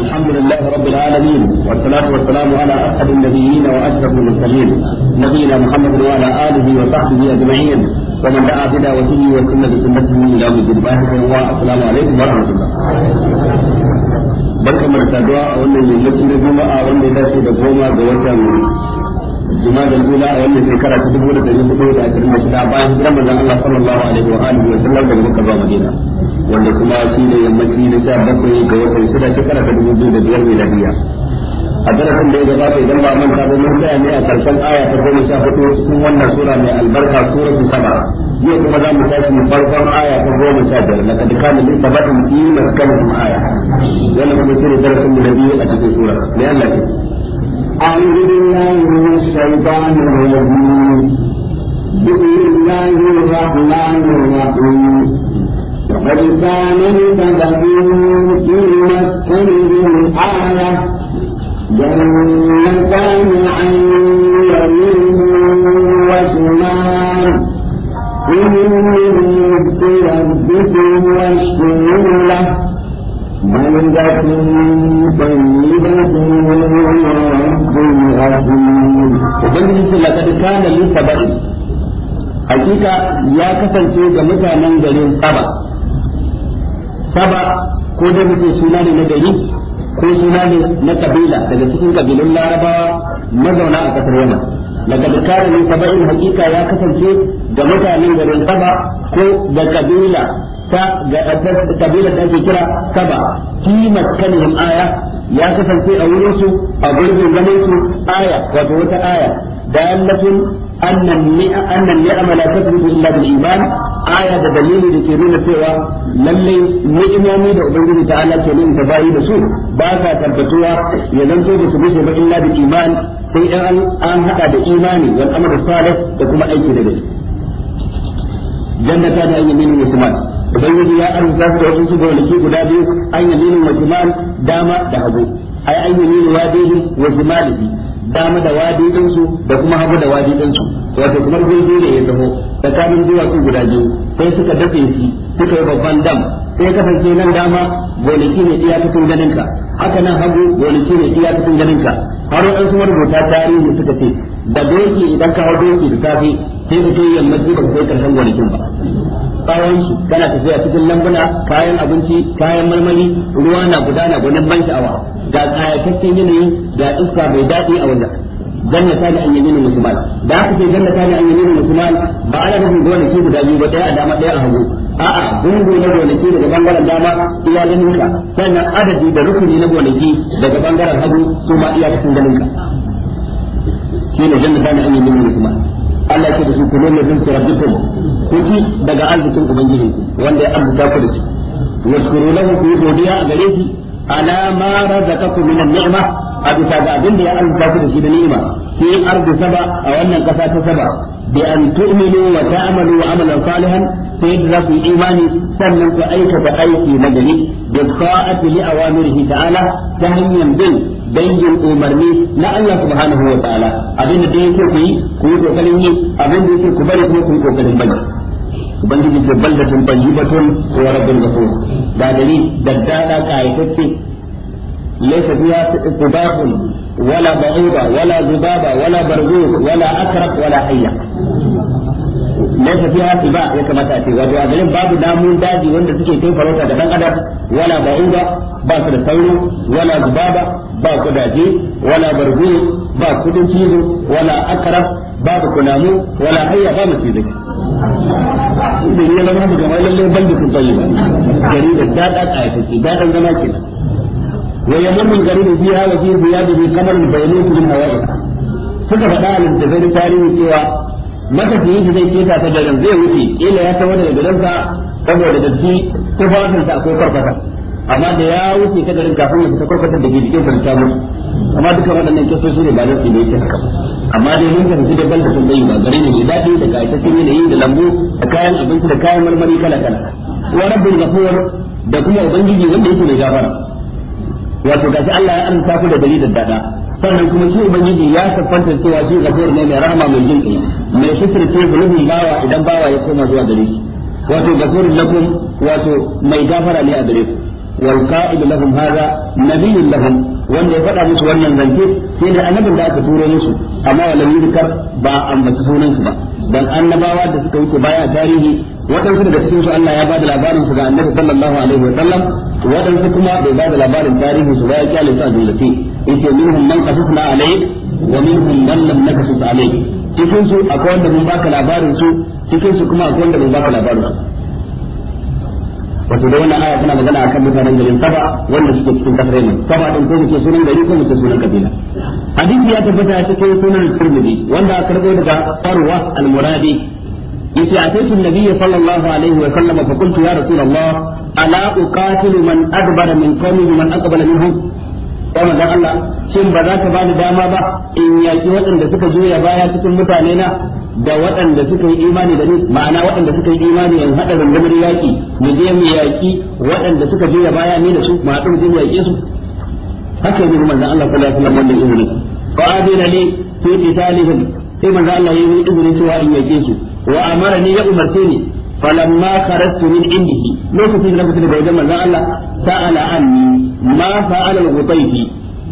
الحمد لله رب العالمين والصلاة والسلام على أسعد النبيين وأشرف المرسلين نبينا محمد وعلى آله وصحبه أجمعين ومن دعا بدعوته وسن بسنته إلى يوم الدين السلام عليكم ورحمة الله barka mu da saduwa a wannan yammacin da juma'a wanda ya dace da goma ga watan jumada al-ula a wannan shekara ta 1426 bayan hijiran manzon Allah sallallahu a wa alihi wa sallam daga Makka zuwa Madina wanda kuma shi ne yammaci na 17 ga watan 6 shekara ta 2005 miladiya a darasin da ya gabata idan ba manta ba mun tsaya ne a karshen aya ta goma wannan sura mai albarka sura ta saba yau kuma za mu tashi mu farkon aya ta goma sha biyar na kadika da aya ne darasin mu na biyu a cikin sura أعوذ بالله من الشيطان الرجيم بسم الله الرحمن الرحيم لقد كان لسبب في مسكنهم آية جنتان عن يمين وشمال كلوا من ربكم واشكروا له بلدة طيبة azim ubangiji ce da kana li sabai hakika ya kasance ga mutanen garin saba saba ko da muke suna ne na gari ko suna ne na kabila daga cikin kabilun larabawa mazauna a kasar yaman da kana li sabai hakika ya kasance ga mutanen garin saba ko da kabila ta ga kabila da ake kira saba fi makkanihim aya ya kasance a wurin su a gurbin zaman su aya wato wata aya da annan ni'a annan ni'ama la tasbutu illa bil iman aya da dalili da ke nuna cewa lalle ni'imomi da ubangiji ta'ala Allah ke nuna bayi da su ba sa tabbatuwa ya zanto da su gushe ba illa bil iman sai an an hada da imani wal amal salih da kuma aiki da gaske jannata da ayyamin muslimin ubangiji ya arzuta su da wasu gonaki guda biyu an yaminin wa shimal dama da hagu ai an yi wadihi wa shimalihi dama da wadi dinsu da kuma hagu da wadi dinsu wato kamar gungu ne ya zamo tsakanin duwatsu guda biyu sai suka dafe shi suka yi babban dam sai ya kasance nan dama gonaki ne iyakacin ganinka haka nan hagu gonaki ne iyakacin ganinka har sun marubuta tarihi suka ce da doki idan ka hau doki da safe sai yin yammaci ba kai karshen gonakin ba bayan su kana tafiya cikin lambuna kayan abinci kayan marmari ruwa na gudana gonan ban sha'awa ga kayataccen yanayi ga iska mai daɗi a wannan jannata da an yaminu musulman da aka ce jannata da an yaminu musulman ba ana nufin gonaki guda biyu ba ɗaya a dama ɗaya a hagu a'a gungu na gonaki daga bangaren dama iya ganinka sannan adadi da rukuni na gonaki daga bangaren hagu su ma iya ganin ka. shi ne jannata da an yaminu musulman Allah ke da su kullu min rizqi rabbikum kuji daga arzikin ubangiji wanda ya arzuta ku da shi washkuru lahu ku godiya a gare shi ala ma razaqakum min ni'ma a bisa ga abin da ya arzuta ku da shi da ni'ima fi ardi saba a wannan kasa ta saba bi an tu'minu wa ta'malu amalan salihan sai da ku imani sannan ku aikata aiki na gari bi sa'ati li awamirihi ta'ala ta hanyar bin dangin umarni na Allah subhanahu wa ta'ala abinda da yake ku yi ku yi kokarin yi abinda yake ku bari kuma ku yi kokarin bari ubangiji ce baldatun tayyibatun wa rabbul ghafur da gari daddada kayatacce laysa fiha tibahun wala bauba wala zubaba wala barzuq wala akrab wala hayya laysa fiha ba ya kamata a ce wato a garin babu damun daji wanda suke kai farauta da dan adam wala ba inda ba su da sauro wala zubaba ba kudaje wala barbuyi ba kudin cizo wala akara ku kunamu wala hayya ba mu masjidai idan ya zama daga wani lallai ban da kun bayi ba gari da daɗa ƙayatacce daɗan zama ke biya da biya وفي بلاده قمر su من هوائها suka faɗa a littattafai tarihi cewa matafiyin shi zai keta ta garin zai wuce kila ya tawo daga ka saboda fasin tufafinsa ko farfasa amma da ya wuce ta garin kafin ya fita farfasa da ke kin farta mu mutu amma dukkan waɗannan su ne ba da su ne yake amma dai mun kan da balda sun bayyana gare ne mai dadi da kayatattun yanayi da lambu da kayan abinci da kayan marmari kala kala wa rabbul ghafur da kuma ubangiji wanda yake mai gafara wato gashi Allah ya amsa ku da dalilin dada sannan kuma shi ubangiji ya siffanta cewa shi gafur ne mai rahama mai jin kai mai sitirce zulubin bawa idan bawa ya koma zuwa gare shi wato gafur lakum wato mai gafara ne a gare ku wal qa'id lahum hadha nabiyyun lahum wanda ya faɗa musu wannan zance sai ne annabin da aka turo musu amma walam yudkar ba ambaci sunan su ba dan annabawa da suka wuce baya tarihi waɗansu daga cikin su Allah ya bada labarin su ga annabi sallallahu alaihi wa sallam waɗansu kuma bai bada labarin tarihi su ba ya kyale su a jumlace yace minhum man qasasna alayk wa minhum man lam naqsus alayk cikin su akwai wanda mun baka labarin su cikin su kuma akwai wanda mun baka labarin su wato da wannan aya tana magana akan mutanen garin Saba wanda suke cikin kasar Yemen Saba din ko muke sunan gari ko muke sunan kabila hadisi ya tabbata cikin sunan Tirmidhi wanda aka karbo daga Farwa al-Muradi yace ataitu an-nabiy sallallahu alaihi wa sallam fa qultu ya rasulullah ala uqatilu man adbara min qawmi man aqbala ya manzon Allah shin ba za ka ni dama ba in yaki waɗanda suka juya baya cikin mutane na da waɗanda suka yi imani da ni ma'ana waɗanda suka yi imani in haɗa rundunar yaƙi mu je mu yaƙi waɗanda suka juya baya ni da su mu haɗu mu je mu yaƙe su haka yi manzon Allah sallallahu alaihi wasallam wannan izini fa adina li fi qitalihim sai manzon Allah ya yi izini cewa in yaƙe su wa amara ni ya umarce ni falamma kharajtu min indihi lokacin da mutum bai ga manzon Allah sa'ala anni ma fa'ala al-ghutayfi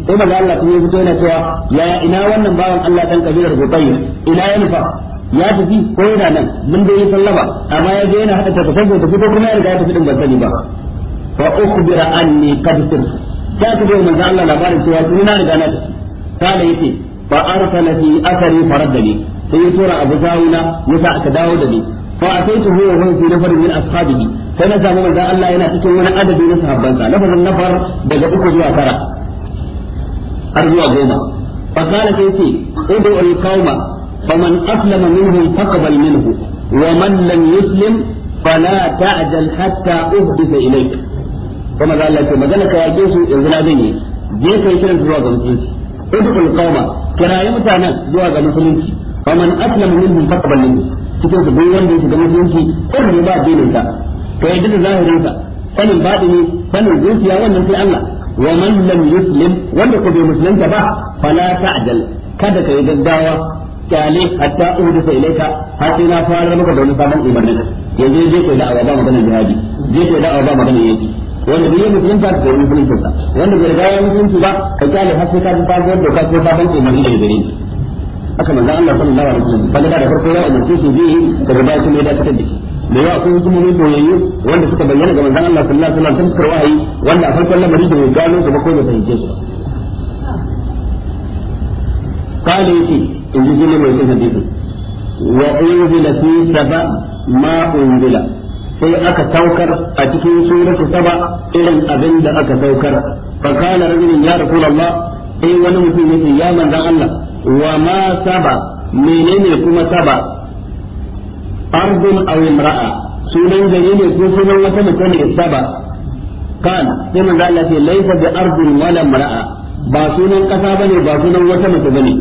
sai maza Allah kuma ya fito yana cewa ya ina wannan bawan Allah dan kabilar Hubayr ina ya nufa ya tafi ko yana nan mun yi sallama amma ya je yana hada ta kasan ta fito kuma ya riga ya tafi din ban ba fa ukhbira anni qad sir ta ta bai manzo Allah labarin cewa ni na riga na tafi kala yace fa arsala fi athari faraddani sai ya tura Abu Zawuna yasa aka dawo da ni fa ataitu huwa wa fi nafar min ashabihi sai na samu manzon Allah yana cikin wani adadi na sahabbansa lafazin nafar daga uku zuwa tara har zuwa goma فقال سيتي ادعوا القوم فمن أسلم منهم فقبل منه ومن لم يسلم فلا تعجل حتى أهدف إليك kuma za Allah ce magana ka yake su yanzu na zan yi je kai kiran su zuwa ga musulunci udkhul qauma kirayi mutanen zuwa ga musulunci faman aslama minhum faqbal minhu cikin su duk wanda ya shiga musulunci ko ne ba dinin sa to yadda da zahirin sa sanin batini sanin zuciya wannan sai Allah wa man lam yuslim wanda ko bai musulunta ba fala ta'jal kada kai gaggawa kyale hatta uhudu sai ilaika har sai na fara maka da wani sabon umarni yanzu je kai da'awa ba maganar jihadi je kai da'awa ba maganar yaki wanda bai yi musulunta ka kai musulunta sa wanda bai riga ya musulunci ba ka kyale har sai ka ji sabon doka ko sabon umarni daga gare ni haka manzo Allah sallallahu alaihi wasallam kaga da farko ya umarce shi bi da riba kuma ya dakatar da shi da yawa akwai hukumomi boyayyu wanda suka bayyana ga manzon Allah sallallahu alaihi wasallam ta fuskar wahayi wanda a farkon lamari da bai gano su ba ko bai fahimce su قال يتي إن جزيلا ما يكون حديثا وأنزل في سبأ ما أنزل sai aka saukar a cikin suratu saba irin abin da aka saukar fa kana rajulun ya rasulullah sai wani mutum yace ya manzon Allah wa ma saba menene kuma saba ardun او امراه sunan gari ne ko sunan wata يتبع ne isaba kan sai manzo Allah ce laysa bi ardin wala imra'a ba sunan kasa bane ba sunan wata mace bane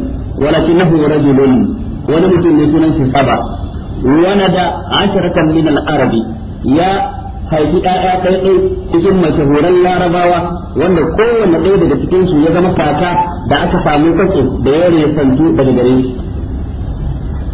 ولد عشرة من العرب يا haifi ɗaya kai ɗai cikin mashahuran larabawa wanda kowane ɗaya daga cikin ya zama fata da aka samu kwace da ya refantu daga gare shi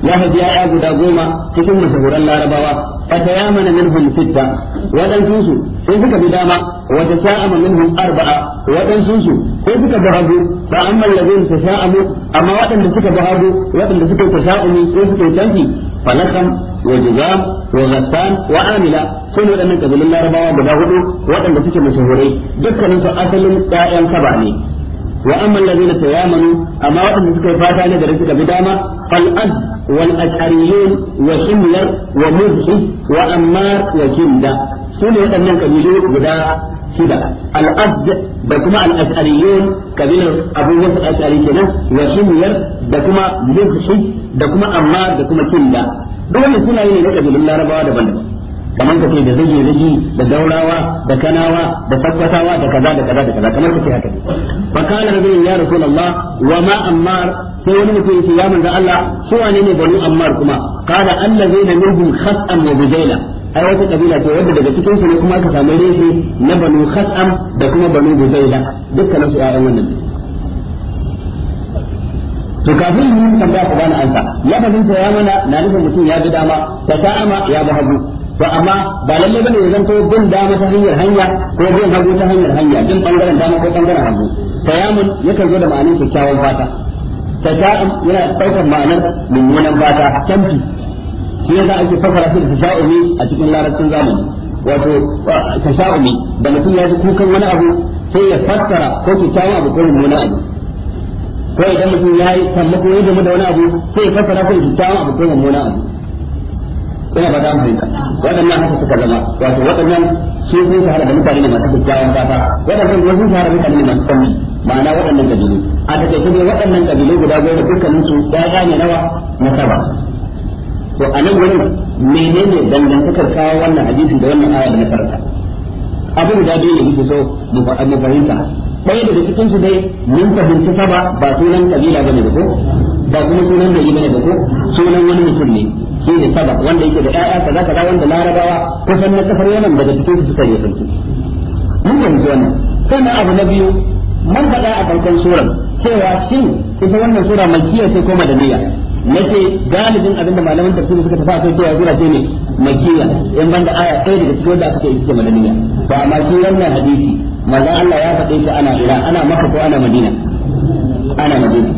ya haifi ya'ya guda goma cikin mashahuran larabawa fata ya mana minhum sitta waɗansu su sai suka bi dama wata sha'ama minhum arba'a waɗansu su sai suka bi hagu fa amma allazin tasha'amu amma waɗanda suka bi hagu waɗanda suka tasha'umi sai suka tanki falakam wa jizam wa ghassan wa amila sun waɗannan kabilun larabawa guda hudu waɗanda suke mashahurai dukkanin su asalin ƴaƴan saba ne wa amma allazina yamanu amma waɗanda suka fata ne da suka bi dama fal والأشعريون وشملر ومزحي وأمار وجندة سنة أنهم قبيلون بدا شدة الأبد بكما الأشعريون قبيلة أبو وفد الأشعري كنا وشملر بكما مزحي بكما أمار بكما جندة دول سنة إلى قبيل الله ربا دبنبا kamar ka ce da zage zage da daurawa da kanawa da sakkwatawa da kaza da kaza da kaza kamar ka ce haka fa kana rajulun ya rasulullah wa ma ammar sai wani mutum yace ya manzo Allah su wane ne banu ammar kuma qala allazina minhum khas'an wa bujaila ai wata kabila ce wadda daga cikin su ne kuma aka samu reshe na banu da kuma banu bujaila dukkan su ƴaƴan wannan to kafin mun tambaya ku bani ansa ya fahimta ya mana na nufin mutum ya ji dama ta ta'ama ya bi hagu to amma ba lalle bane ya zanto bin dama ta hanyar hanya ko bin hagu ta hanyar hanya bin bangaren dama ko bangaren hagu tayamun yakan zo da ma'anar kyakkyawan fata taja'um yana daukar ma'anar mummunan fata tamfi shi yasa ake fara shi da tasha'umi a cikin larabcin zamani wato tasha'umi da mutum ya ji kukan wani abu sai ya fassara ko kyakkyawan abu ko mummunan abu ko idan mutum ya yi sammako game da wani abu sai ya fassara ko kyakkyawan abu ko mummunan abu ina ba za mu fahimta waɗannan haka suka zama wato waɗannan su sun shahara da mutane ne masu kyakkyawan fata waɗannan kuma sun shahara da mutane ne masu sanyi ma'ana waɗannan kabilu a takaice kai waɗannan kabilu guda goma dukkanin su ɗaya ne nawa na saba to a nan wani menene dangantakar kawo wannan hadisi da wannan aya da na karanta abin guda biyu ne muke so mu fahimta ɗaya daga cikin su dai mun fahimci saba ba sunan kabila bane da ko ba kuma sunan da yi bane da ko sunan wani mutum ne shine saba wanda yake da ƴaƴa kaza kaza wanda larabawa kusan na kafar yaman daga cikin su suka yi sarki mun yanzu wannan sannan abu na biyu man faɗa a farkon suran cewa shin ita wannan sura makiyya ce ko madaniya nake galibin abinda malaman tafsiri suka tafi akai cewa sura ce ne makiyya in banda aya ɗaya daga cikin wanda aka ce ita madaniya ba amma shi wannan hadisi manzo Allah ya faɗe shi ana ila ana maka ko ana madina ana madina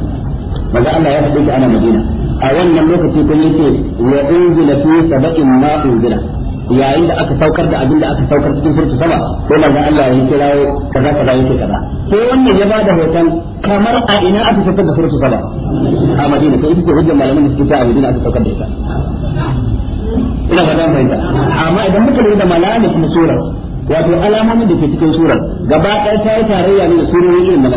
manzo Allah ya faɗe shi ana madina a wannan lokaci kun yake wa unzila fi sabaqin ma unzila yayin da aka saukar da abin da aka saukar cikin surtu sama ko manzon Allah ya kira kaza kaza yake kaza Ko wannan ya bada hoton kamar a ina aka saukar da surtu sama a Madina to ita ce hujjar malamin da suke ta a Madina aka saukar da ita ina ba dan fahimta amma idan muka lura da malamin kuma surar wato alamomin da ke cikin surar gaba ɗaya ta yi tarayya ne da surori irin na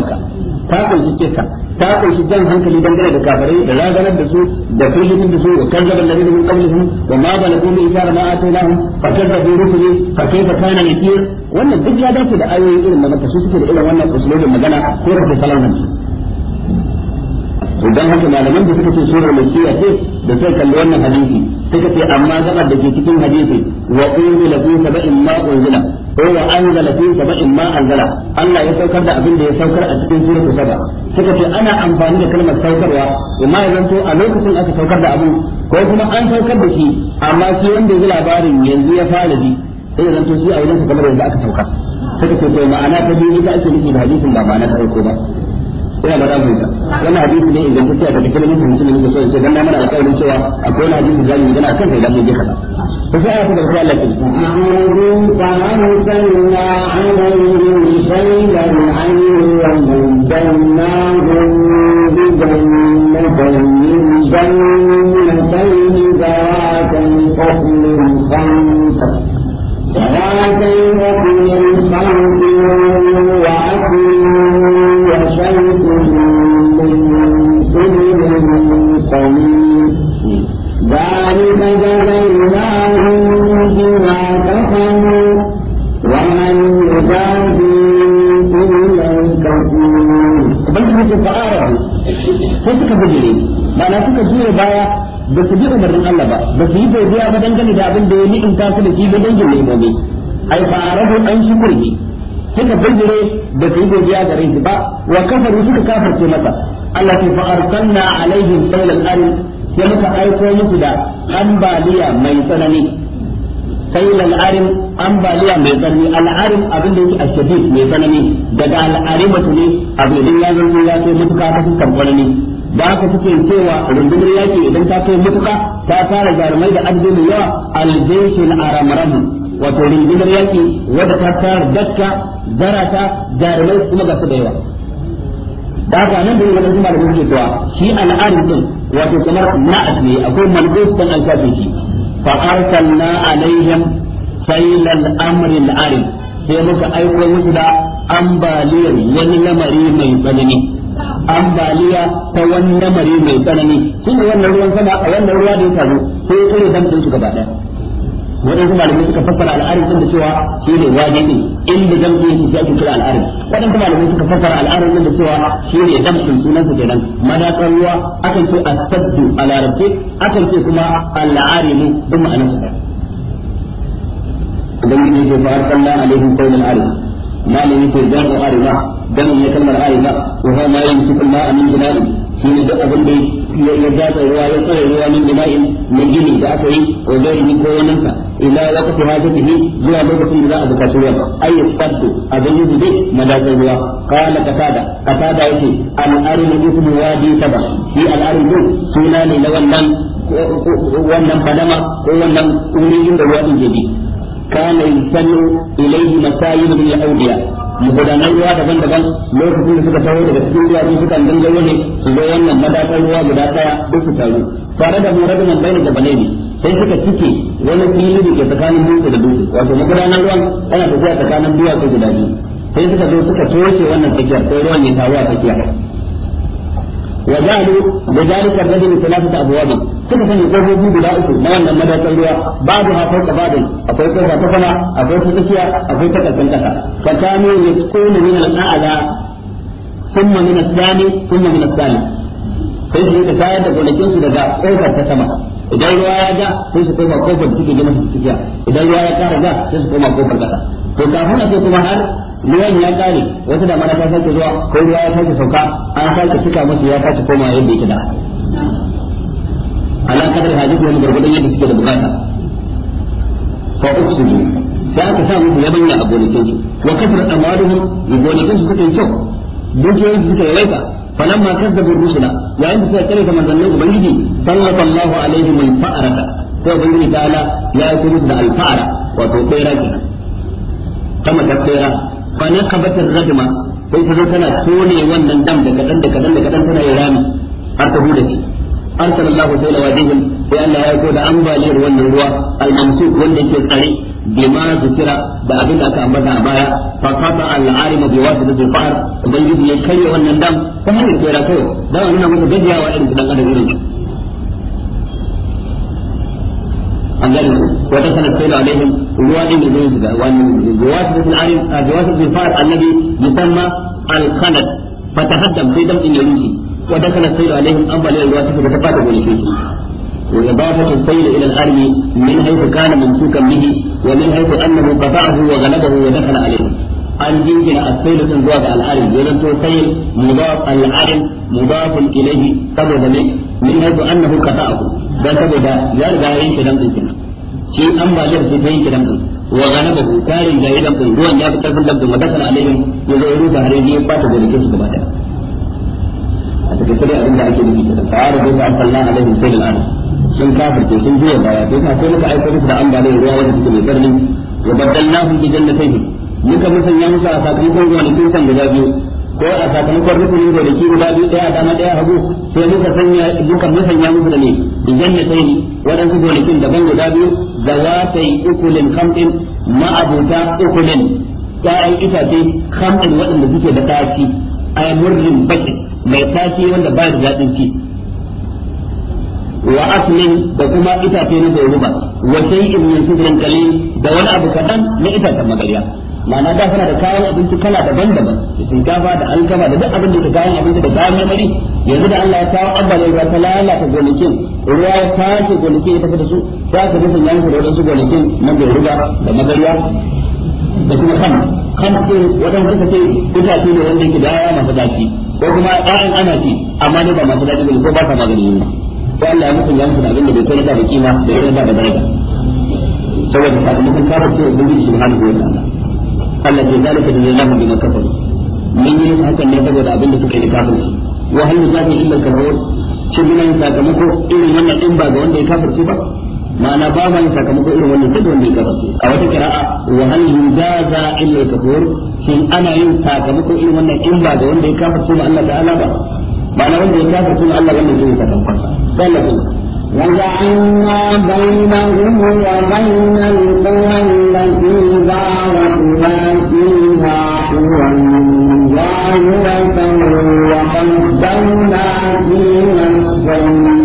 ta kunshi kisa ta kunshi jan hankali dangane da kafirai da razanar da su da firgitin da su da kallaban da min qablihim wa ma balagu bi isara ma atainahum fa kadzabu rusuli fa kayfa kana wannan duk ya dace da ayoyi irin magana su suke da irin wannan usulobin magana ko da salaman idan haka malaman da suka ce surar makiyya ce da sai kalli wannan hadisi suka ce amma zaɓar da ke cikin hadisi wa qulu la fi in ma unzila ko ya anzala fi sab'in ma anzala Allah ya saukar da abin da ya saukar a cikin suratul saba suka ce ana amfani da kalmar saukarwa amma ya a lokacin aka saukar da abin ko kuma an saukar da shi amma shi wanda ya yi labarin yanzu ya fara ji sai a zanto shi a wajen kamar yanzu aka saukar suka ce to ma'ana ta biyu ita ake nufi da hadisin ba ma'ana ta farko ba yana da rabu ta wannan hadisi ne idan kuka da cikin mutum musulmi da sai dan mana alƙawarin cewa akwai wani hadisi da yana kan kai dan mun je kaza to sai aka da Allah ke a'udhu billahi sanna alayhi shaydan an yudannahum bi jannatin sai suka bijire ma'ana suka jure baya ba su bi umarnin Allah ba ba su yi godiya ba dangane da abin da ya ni'imta su da shi ga dangin limomi ai a rabu an shukuri suka bijire da su yi godiya da shi ba wa kafaru suka kafirce masa Allah ta fa arsalna alaihim sawlal arid sai muka aiko musu da ambaliya mai tsanani mai tsanani abin da yake a shadid mai tsanani daga ميزاني دقا العرمة لي ya ya يازل ya ياتي متكا تسكب ولني da aka take cewa rundunar yaki idan ta kai mutuka ta fara jarumai da adadin mai yawa aljaishul aramramu wato rundunar yaki wadda ta fara dakka zarata jarumai kuma ga su da yawa da haka nan da wani kuma da kuke cewa shi al'arin din wato kamar na ne akwai malbus dan alkafi shi fa arsalna alaihim sailal amri al'arin sai muka aiko musu da ambaliyar wani lamari mai tsanani ambaliya ta wani namari mai tsanani ne wannan ruwan sama a wannan ruwa da ya taru ko ya tsere damtsin su gaba daya waɗansu malamai suka fassara al'arin din da cewa shi ne wajibi inda jam'i yake sai ake kira al'arin waɗansu malamai suka fassara al'arin din da cewa shi ne jam'in sunan sa kenan madatsar ruwa akan ce asaddu a larabce akan ce kuma al'arimu duk ma'anar sa ubangiji ya ce fa arsalna alaihi qawlan al'arin malami ke jam'u arima dan ya kalmar aisha wa huwa ma yamsiku ma'a min shi ne da abin da ya gata ruwa ya tsare ruwa min bina'in min gini da aka yi wa gairi ko wannan sa ila da hajatihi zuwa lokacin da za a bukaci ruwa ay yasfadu abin yi dai madakar ruwa qala qatada qatada yake an arin ismu wadi taba shi al-arnu suna ne na wannan wannan fadama ko wannan wurin da ruwa din je bi kana yusanu ilayhi masayib ya audiya. magudanar ruwa daban-daban lokacin da suka taho daga cikin duwatsu suka dinga ne su zo wannan madafar ruwa guda daya duk su taru tare da muradun bayan da bane ne sai suka cike wani fili da ke tsakanin dutse da dutse wato magudanar ruwan tana tafiya tsakanin duwatsu guda biyu sai suka zo suka toshe wannan tsakiyar sai ruwan ya taru a tsakiya وجعلوا لذلك الرجل ثلاثة أبواب كيف سنقوم في أسر ما أن مدى تلوى بعضها فوق بعض أقول كيف تفنى أقول تتكيا أقول تتكيا فكانوا يسقون من الأعلى ثم من الثاني ثم من الثاني sai su rika لكي da gonakin su daga kofar ta sama idan ruwa ya ja sai su koma kofar da suke gina su to kafin a ce kuma har ruwan ya kare wata da mara ta sake zuwa ko ruwa ya sake sauka an sake cika musu ya sake koma yadda yake da ala kadar hajji kuma gargadan yadda suke da bukata fa uksidu sai aka sa musu yabanya a gonakin su wa kasar amaruhum bi gonakin su suka yi kyau dukiyoyin su suka yi laifa falamma kazzabu rusula yayin da suka kare da manzannin ubangiji sallallahu alaihi wa fa'arata sai ubangiji ala ya yi musu da alfa'ara wato kai rakin sama ta tsira fa na kabatar radma sai ta zo tana tone wannan dam da kadan da kadan da kadan tana rami har ta huda shi arsal ta'ala wajihim sai Allah ya aiko da ambaliyar wannan ruwa al-mamsuk wanda yake tsare bima zikira da abin da aka ambata a baya fa qata al-arima bi wasitati al-fahr ubangiji ya karya wannan dam ta hanyar tsira kai dan nuna masa gajiyawa irin dan adam irin an gane ku wata sanar sai alaihim ruwa din da zai shiga wannan jawasib bin alim jawasib ah, bin fa'al annabi yusamma al-khalad fatahaddam sai dam din ya rushe wata da ta fada gonakin su وإضافة السيل إلى الأرض من حيث كان ممسوكا به ومن حيث أنه قطعه وغلبه ودخل عليه an jingina asailu din zuwa ga al'arin wajen to sai mudaf al'arin mudafun ilayhi saboda ne min hadu annahu qata'ahu dan saboda ya riga ya yanke dan din shi an ambaliyar ce ta yanke dan din wa ganaba ku tarin ga idan kun ruwan ya fitar karfin dan din wa dakala alaihim ya zo ruwa har yi ba ta gonakin su gaba daya a take sai abin da ake nufi da fara da ba sallallahu alaihi wasallam sun kafirce sun juya baya sai ka sai muka aika musu da ambaliyar ruwa wanda suke mai karni wa baddalnahum bi jannatayhim muka musanya musu a sakamakon gonakin san da biyu ko a sakamakon rukunin gonaki guda biyu daya dama daya hagu sai muka sanya muka musanya musu da ne da jannatai ne waɗansu gonakin daban guda biyu da za ta yi ukulin kamɗin ma'abuta ukulin ƴaƴan itace kamɗin waɗanda suke da ɗaci a murrin bakin mai ɗaci wanda ba da daɗin ci wa aslin da kuma itace na doruba wa shay'in min sidrin qalil da wani abu kadan na itacen magariya ma'ana da suna da kayan abinci kala daban-daban da shinkafa da alkama da duk abin da ke kayan abinci da kayan marmari yanzu da Allah ya kawo abbalin ruwa ta lalata gonakin ruwa ya tashi gonakin ya tafi da su za ka bisan yanku da wadansu gonakin na bai ruga da magariya da kuma kan kan ce wadan suka ce itace ne wanda yake da ya masu daki ko kuma ƴaƴan ana ci amma ne ba masu daki ne ko ba ta magani ne ko Allah ya mutum yanku da abin da bai kai da kima da yanzu da daraja saboda sakamakon kafin ce ubangiji subhanahu wa ta'ala Allah ya zalika da zalama bima kafaru mun yi hakan ne saboda abin da suka yi kafirci wa hal yuzabi illa al-kafirun shin muna yin sakamako irin wannan din ba ga wanda ya su ba ma'ana ba ma yin sakamako irin wannan duk wanda ya kafirce a wata qira'a wa hal yuzaza illa al-kafur shin ana yin sakamako irin wannan in ba ga wanda ya kafirce ba Allah ta'ala ba ma'ana wanda ya kafirce Allah wannan zai sakamakon sa وجعلنا بينهم وبين القرى التي باركنا فيها قرى ظاهرة وقدرنا فيها الصيد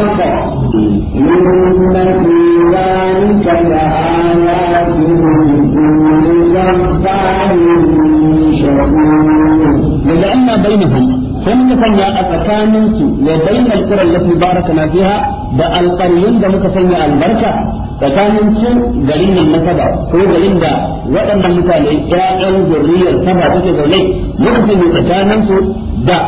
الحق إن في ذلك sai muka sanya a tsakaninsu wa bainal qura allati barakna fiha da alqaryun da muka sanya albarka tsakanin su garin nan masaba ko garin da waɗannan mutane ƴaƴan zurriyar saba take zaune muka sanya tsakaninsu da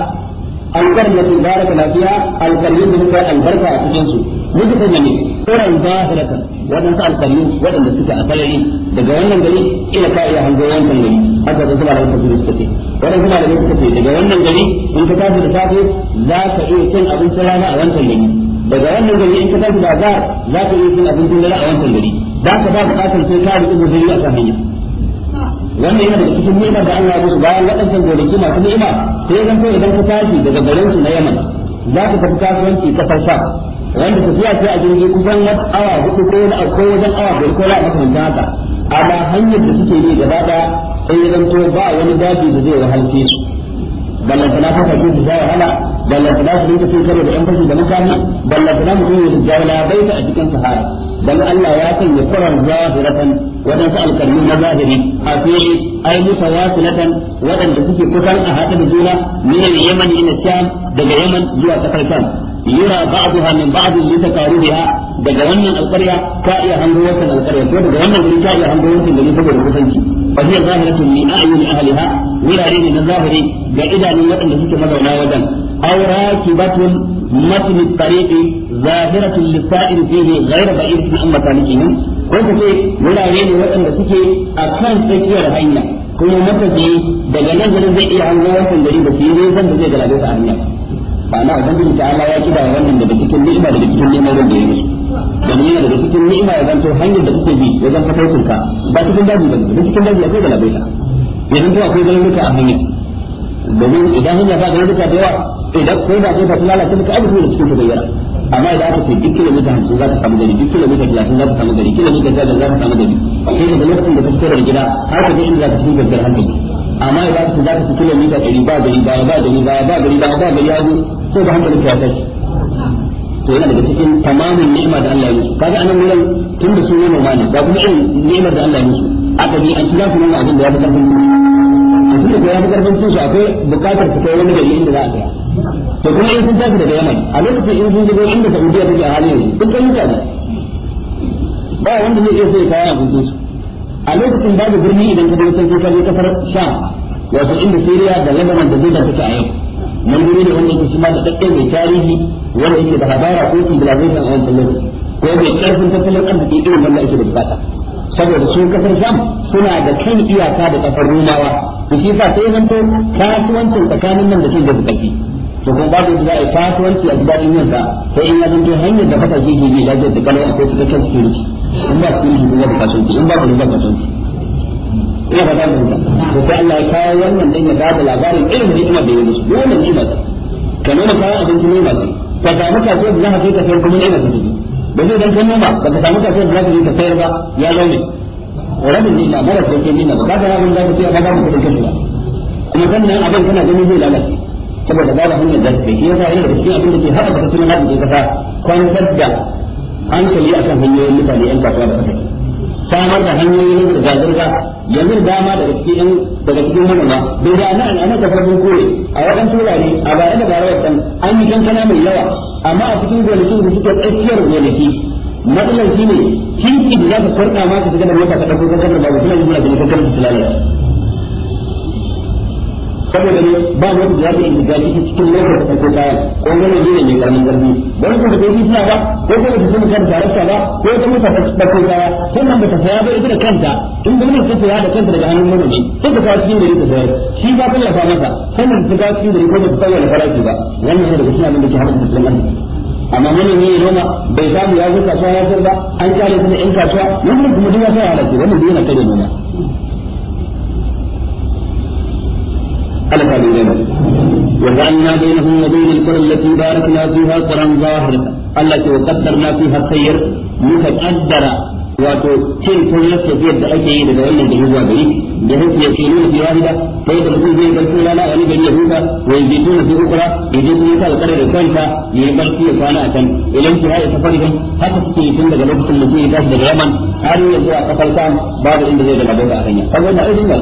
an gar da sun gara da lafiya alƙalin da suka albarka a cikinsu. su ne duka ne kuran zahiratan wannan sa alƙalin wadanda suka afalai daga wannan gari ila ka iya hango wannan gari haka da zuwa da wannan gari suka ce wannan zuwa da wannan daga wannan gari in ka tafi da safe za ka iya cin abincin rana a wannan gari daga wannan gari in ka tafi da za ka iya cin abincin rana a wannan gari da ka ba bukatar sai ka rubuta zuri a kan hanya wannan yana daga cikin ni'imar da Allah ya musu bayan waɗancan gonaki masu ni'ima sai zan ko idan ka tashi daga garin su na Yaman za ka tafi kasuwanci kafar sha wanda tafiya sai a jirgi kusan wata awa hudu ko wani wajen awa biyar ko la'a makamantan haka amma hanyar da suke yi gaba ɗaya sai ya zanto ba wani daji da zai wahalce su ballantana ta kake su hala wahala ballantana su rinka cin da yan fashi da mutane ballantana mu yi jalabaita a cikin sahara dan Allah ya sanya kuran zahiratan wadansu alƙarni na zahiri a fili ai mutawasilatan wadanda suke kusan a haɗe da juna min yaman ila sham daga yaman zuwa kasar sham yura ba'daha min ba'd li taqarubiha daga wannan alƙarya ka iya hango wannan alƙarya ko daga wannan gari ka iya hango wannan gari saboda kusanci fa hiya zahiratun li a'yun ahliha wurare ne na zahiri ga idanun waɗanda suke mazauna wajen aw rakibatun matn tariqi zahiratun li sa'ir fihi ghayr ba'idatin amma talikin ko kace wurare ne waɗanda suke a akan tsakiyar hanya kuma matafi daga nan gurin zai iya hango wancan gari da su yi zan da zai galabe ta hanya ba na ubangiji ta Allah ya kida wannan daga cikin ni'ima daga cikin neman da ya musu domin yana daga cikin ni'ima ya zanto hanyar da kuke bi wajen fataucin ka ba cikin daji ba ne cikin daji akwai galabaita ya zanto akwai galabaita a hanyar domin idan hanya ba galabaita da yawa idan ba da ko ta lalace ka abu da cikin bayyana amma idan aka ce duk kilomita hamsin za ka samu gari duk kilomita talatin za ka samu gari kilomita jaga za ka samu gari sai daga lokacin da ka fito daga gida har ka ga inda za ka fito gaskiyar hankali amma idan aka ce za ka fi kilomita ɗari ba gari ba ba gari ba ba gari ba ba gari hagu sai da hankali ka tashi to yana daga cikin tamamin ni'ima da Allah ya musu kaga anan mun tun da su ne noma ne ga kuma irin ni'ima da Allah ya musu aka bi an kira su noma abin da ya fi karfin su a cikin da ya fi karfin su akwai bukatar su kai wani gari inda za a tsaya to kuma in sun tafi daga Yaman a lokacin in sun shigo inda Saudiya take a halin yanzu duk kan mutane ba wanda zai iya sai a abincin su a lokacin babu birni idan ka dawo sai ka je kasar sha wato inda Syria da Lebanon da Jordan take a yau nan guri ne wanda yake shi ma da dakke mai tarihi wanda yake da habara ko civilization a wancan lokaci ko mai ƙarfin tattalin arziki irin wanda ake da bukata saboda su kasar sham suna da kan iyaka da kasar rumawa to shi sa sai zanto kasuwancin tsakanin nan da shi da bukati to kuma babu da za a yi kasuwanci a gidajen yanka sai in ya zanto hanyar da kasashe ke bi da da kalau akwai cikakken security in ba security da kasuwanci in ba da kasuwanci ina fata da huta Allah ya kawo wannan dan ya bada labarin irin ni'imar da ya musu wannan ni'imar ka noma kayan abinci ne ba ka samu kasuwa ko za ka kai ka sayar kuma ni'imar ta ba zai dan kan noma ba ka samu kasuwa da za ka kai ka sayar ba ya zaune rabin ni'ima mara da ke ni'ima ba ka ga abin da ka sayar ba ba mu kudin kashi ba kuma sannan abin kana ganin zai lalace saboda babu hanyar da take shi yasa yana da cikin abin da ke haɗa da tattalin sa kwantar da hankali akan hanyoyin mutane yan kasuwa da kasai samar da hanyoyin zirga-zirga yanzu dama daga cikin daga cikin manoma bai da nan ana da farkon kore a wadan turare a baya da bara dan an yi kankana mai yawa amma a cikin gonakin da suke tsakiyar gonaki matsalar shine kinki da za ka farka ma ka shiga da mota ka dauko kankan da babu kuma yana da kankana da lalace saboda ne ba wanda da zai shiga ciki cikin lokacin da kake kayan ko wani ne ne karamin garbi don da kai fitina ba ko kuma ka tuna kan tarasta ba ko ka mutu da kai kaya sannan ba ta saya ba ita da kanta in da ta saya da kanta daga hannun manomi sai ka kawo cikin da ta sayar shi ba ta lafa masa sannan ta kawo cikin da ko ba ta sayar da farashi ba wannan ne daga cikin abin da ke haɗa tattalin arziki amma ne ya roma bai samu ya zo kasuwa ya sayar ba an kyale kuma in kasuwa wannan kuma duk ya sa ya lalace wannan duk yana kare noma على كاملنا وجعلنا بينهم وبين القرى التي باركنا فيها قرى ظاهرة التي وقدرنا فيها الخير متقدرة wato cin kullum tafiyar da ake yi daga wannan gari zuwa gari da hin ya ce nuna biya hida sai da mutum zai bar kula na wani gari ya huta wa ya jitu na zuwa kura ya je kuma ta alƙarar da kanta ya yi barci ya kwana a can idan kira ya safar gan haka suke daga lokacin mutum daga yaman har kasar sam babu inda zai da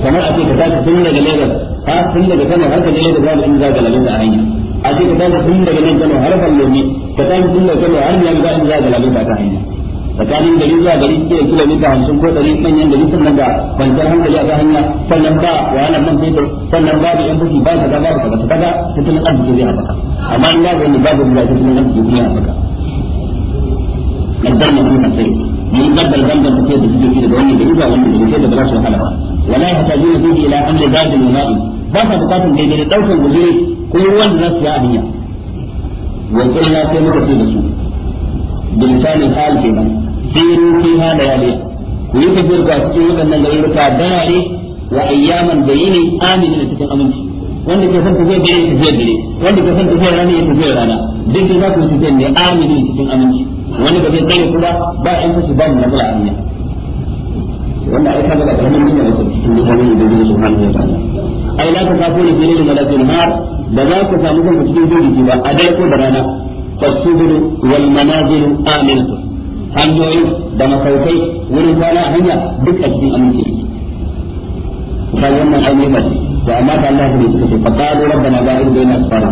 kamar a ce ka ha tun daga kano har ka je da babu inda ga lalun da hanya a ce ka tashi tun daga nan kano har ballomi ka tashi tun daga kano har ya ga inda ga lalun da hanya tsakanin gari zuwa gari kila kilomita hamsin ko ɗari manyan gari sannan da kwanciyar hankali a hanya sannan ba wahalar man fetur sannan da yan fushi ba kaza babu kaza kaza tattalin arziki zai haɓaka amma in babu wani babu da tattalin arziki zai haɓaka kaddar mutum a sai mun kaddar zanzan tafiyar da suke daga wannan gari zuwa wannan gari sai da ba za su wahala ba wala yahtajuna bihi ila amri zadin wa ma'in ba sa bukatun daidai da daukar guzuri ko ruwan da za su yi a hanya wa qulna sai muka ce da su bilisanin hal kenan siru fiha layaliya ku yi tafiyar ga cikin waɗannan garuruka dare wa ayyaman da yini amini da cikin aminci wanda ke son tafiyar dare ya tafiyar dare wanda ke son tafiyar rana ya tafiyar rana duk da za ku ne ba ba in kashi ba mu na a wanda ai kaga da karamin ne ne cikin dukkanin da zai subhanahu wa ta'ala ai la takafuna fi lailin wala fi nahar da za ku samu kanku cikin jirgi ba a dai ko da rana fasubul wal manazil aminatu hanyoyi da masaukai wurin kwana a hanya duk a cikin aminci ba wannan ai ne ba da amma da Allah ne suka ce fa qalu rabbana ba'id baina asfara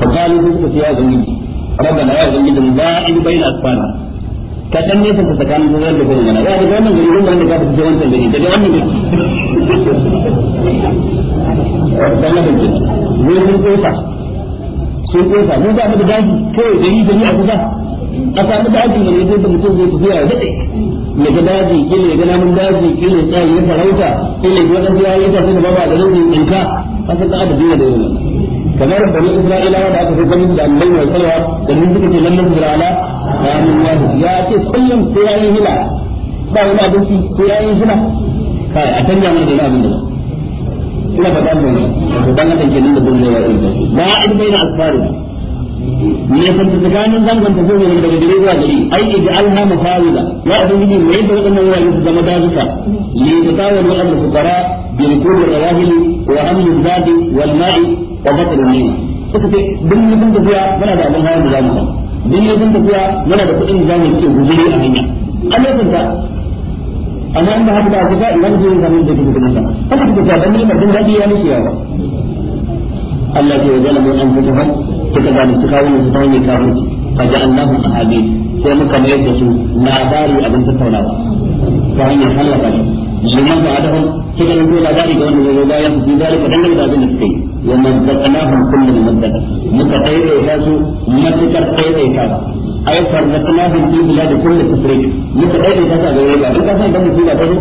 fa qalu suka ce ya zangi rabbana ya zangi da ba'id baina asfara ka dan ne sun tsakanin gonar da gonar mana ya da wannan gari gonar da ka fita wancan gari da wannan gari sun kosa sun kosa mu ba mu da daji kai gari gari a kusa a samu daji ne yi da mutum zai tafiya ya dade ya ga daji kila ya ga namun daji kila ya ya farauta kila ya ga wadansu ya yi tafi da baba da rinjin ɗinka a san ka adadin da yawan kamar bani isra'ilawa da aka fi ganin da Allah mai kalwa da mun suka ce lallan zirala amin ya ce kullum ko yayin hila ba wani abinci ko yayin hila kai a canja mana da abin da ina ba da mu to dan Allah kenan da bin ya yi ba ma'id bayna asfarina ne san ta zuwa daga gari zuwa gari ai idi alha mafawida ya ubangiji mai da wadannan wurare su zama dazuka li tatawalu al fuqara bi rukul rawahil wa aml zadi wal ma'i wa batr al nima suka ce duk mun tafiya muna da abin hawa da zamu ba duk mun tafiya muna da kudin da zamu ce guzuri a hanya alaikum ta amma in ba haka ba kusa idan mutum zai da kike kuma haka kuka ya yawa Allah ya an suka zalunci kawunan su ta hanyar kafirci fa ja'alnahu sahabi sai muka mayar da su labari abin tattaunawa ta hanyar hallaka shi liman da adahum kika nan ko labari ga wanda zai bayan su zalika dangane da abin da suke yi wa mazzaqnahum kullal mazzaq muka taidaita su matukar taidaita ba ai farzaqnahum fi bilad kulli tafriq muka taidaita su a garin ba duka san da musiba ta zo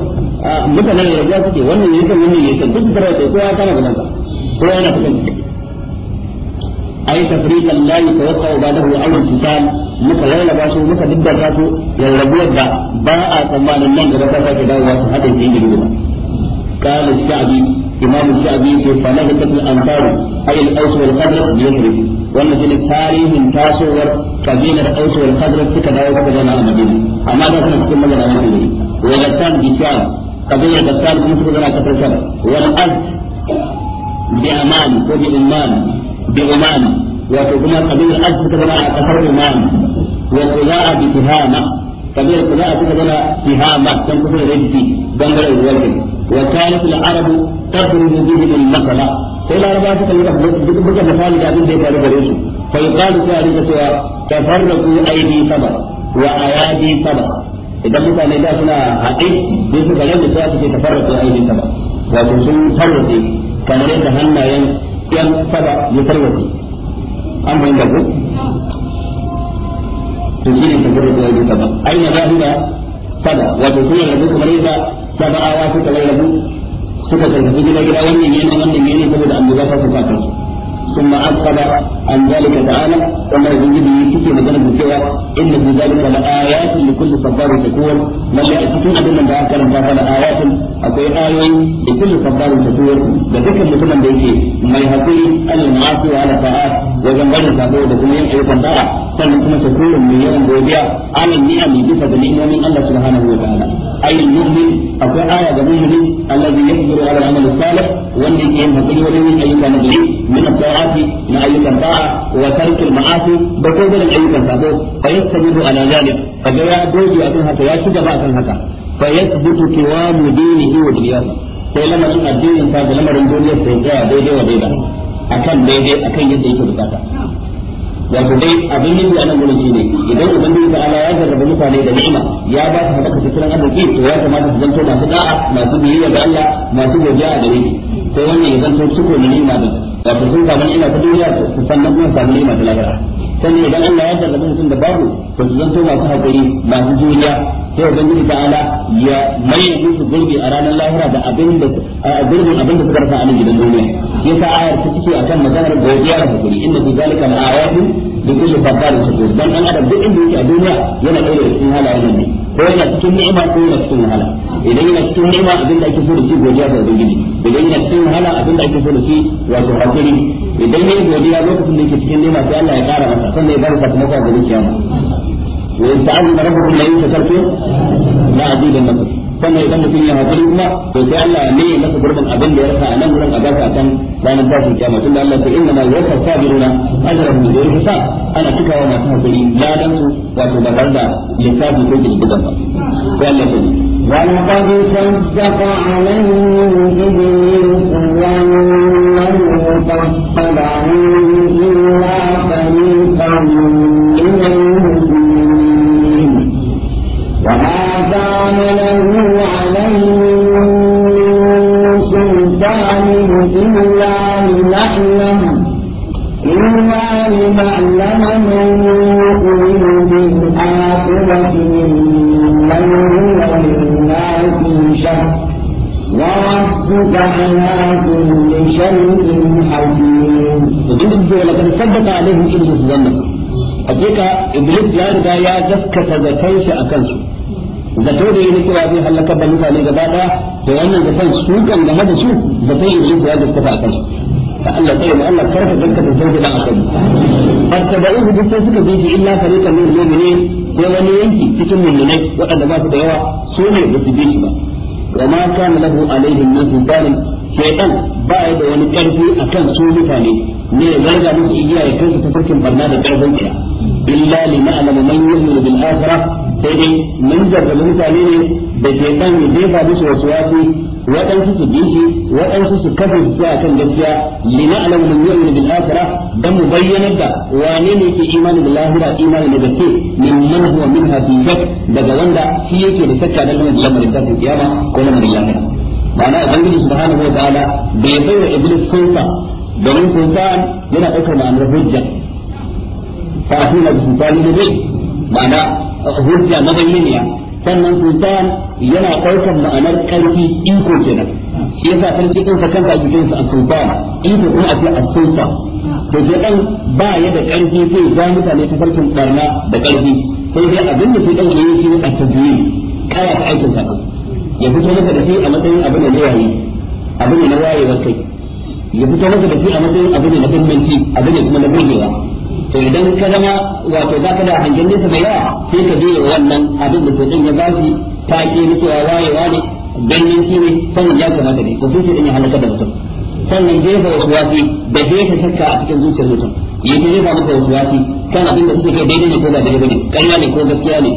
mutanen da suke wannan yayin wannan yayin duk ko kowa kana gaban ka kowa yana cikin ai tafriqa lillahi fa yaqa ba da huwa awwal kitab muka rayna ba su muka dinda ba su yallabu yadda ba a tsammanin nan gaba ta sake dawo su hadin din da gudu kana sha'abi imam sha'abi ke fara da kafin ansaru ai al aus wal qadr bi yahri wannan shine tarihin tasowar kabilar aus wal qadr suka dawo daga nan al madina amma da kuma cikin magana ne wa da tan bisan kabilar da tan kuma suka gana kafin sha'abi wal az bi amani ko bi imani bi Oman wato kuma kabilar Az suka zama a kasar Oman wa Quza'a bi Tihama kabilar Quza'a suka zama Tihama dan kusa da Rijji bangaren ruwan gari wa kanat al-arabu tadribu bihi al-masala sai laraba suka yi duk buga misali da abin da ya faru gare su fa yuqalu sai a rika cewa tafarraqu aidi sama wa ayadi sama idan mutane da suna haɗe sai suka rabu sai ta ce tafarraqu aidi sama wato sun farwace kamar yadda hannayen yan fada ya tarwace an bayin da ko to shi ne tabbata da yake ba aina da fada wato sun rabu kamar yadda saba'awa suka rabu suka tarkace gida gida wannan yana wannan yana saboda annabawa sun fata su ثم عقب عن ذلك تعالى وما يجب يكفي مجال الدكتور ان في ذلك لآيات لكل صبار شكور ما لا يكفي ابدا بعد كلام لآيات اقول آية لكل صبار شكور لذكر مثلا بيتي ما يهقي المعاصي وعلى طاعات وجنبنا سابو دكم يم اي صدارة sannan kuma shakurin mai yawan godiya alal ni'ami bisa ga ni'imomin Allah subhanahu wa ta'ala ayyul mu'min akwai aya ga mu'min allazi yaqdiru ala wanda yake yin hakuri wajen yin ayyuka na gari min al-sa'ati na ayyukan ba'a wa tarkil ma'asi da ko gurin ayyukan sabo fa yastabidu ala zalik fa ya doge akan haka ya ci gaba akan haka fa yathbutu qiwamu dinihi wa dunyahu sai lamarin addinin sa da lamarin duniyar sai ya daidai wa daidai akan daidai akan yadda yake bukata wato dai abin da anan gurin shine idan ubangiji ta ala ya jarraba mutane da ni'ima ya ba su haɓaka tattalin arziki to ya kamata su zanto masu da'a masu biyayya ga Allah masu godiya a gare shi to wannan ya zanto suko na ni'ima din wato sun samu ni'ima ta duniya sannan kuma samu ni'ima ta lahira sannan idan Allah ya jarrabe mutum da babu to su zanto masu hakuri masu juriya sai ta ta'ala ya mai musu gurbi a ranar lahira da abin da gurbin abin da suka rasa a nan gidan duniya sa ayar ta cike kan maganar godiya da hakuri inda su zalika la'ayatin da kullu babbarin shakur dan an adam duk inda yake a duniya yana ɗaya da cikin halayen ne ko yana cikin ni'ima ko yana cikin wahala idan yana cikin ni'ima abin da ake so da shi godiya da ubangiji idan yana cikin wahala abin da ake so da shi wato hakuri idan yayi godiya lokacin da yake cikin nema sai Allah ya kara masa sannan ya bar sakamakon gobe kiyama wa in ta'ala rabbukum la yushakartu la azidan azidannakum sannan idan mutum ya hakuri kuma to sai Allah ya nemi masa gurbin abin da ya rasa a nan gurin a gasa kan ranar tashin kiyama tunda Allah ta inna ma yuwaffa sabiruna ajrahum bi ghairi hisab ana cikawa masu hakuri ladan su wato da tare da lissafi ko gidan ba sai Allah ta ولقد صدق عليهم إبليس ظنه فاطلعوا إلا فريقا من المؤمنين وما كان له عليهم من سلطان إلا لنعلم إلا لنعلم من يؤمن بالآخرة ممن هو للناس شر وربك على كل شيء ubangiji ce laqad saddaqa iblis ya riga ya gaskata zaton shi akan su zato da yake da mutane gaba daya to wannan zaton su kan game da su zaton iblis ya gaskata akan su فالله فاتبعوه illa fariqan min wani yanki cikin mu'minai waɗanda ba da yawa وما كان له عليهم من سلطان shaitan ba ya da wani karfi akan su mutane ne ya zarga musu igiya ya kai su tafarkin barna da karfin kira illa li ma'lamu man yu'minu bil akhirah sai dai mun jarrabu mutane ne da shaitan ya jefa musu wasu wasi waɗansu su bi shi waɗansu su kafa su a kan gaskiya li ma'lamu man yu'minu bil akhirah dan mu bayyana da wane ne ke imani bil akhirah imani da gaske min man huwa minha daga wanda shi yake da sakka da lamarin lamarin kiyama ko lamarin lahira ma'ana ubangiji subhanahu wa ta'ala bai bai wa iblis sulta domin sultan yana ɗaukar ma'anar hujja fa asuna bi sultani mubin ma'ana uh, hujja mabayyaniya sannan sultan yana ɗaukar ma'anar ƙarfi iko kenan shi yasa sarki din sa kanka jikin sa sultan iko kuma a ce sultan to sai dan ba ya da ƙarfi sai ya mutane ta farkin barna da ƙarfi sai dai abin da sai dan yayi shi a tajwid kaya ta aikin sa ya fito maka da shi a matsayin abin da na yi abin da na wayewar kai ya fito maka da shi a matsayin abin da na bambanci abin da kuma na burgewa to idan ka zama wato baka da hangen nesa mai yawa sai ka biya wannan abin da tsoron ya ba shi ta ke nufewa wayewa ne ganin shi ne sannan ya kamata ne ko sai ya halaka da mutum sannan jefa wasu wasi da jefa shakka a cikin zuciyar mutum ya jefa maka wasu wasi kan abin da suke kai daidai ne ko ba daidai ne ƙarya ne ko gaskiya ne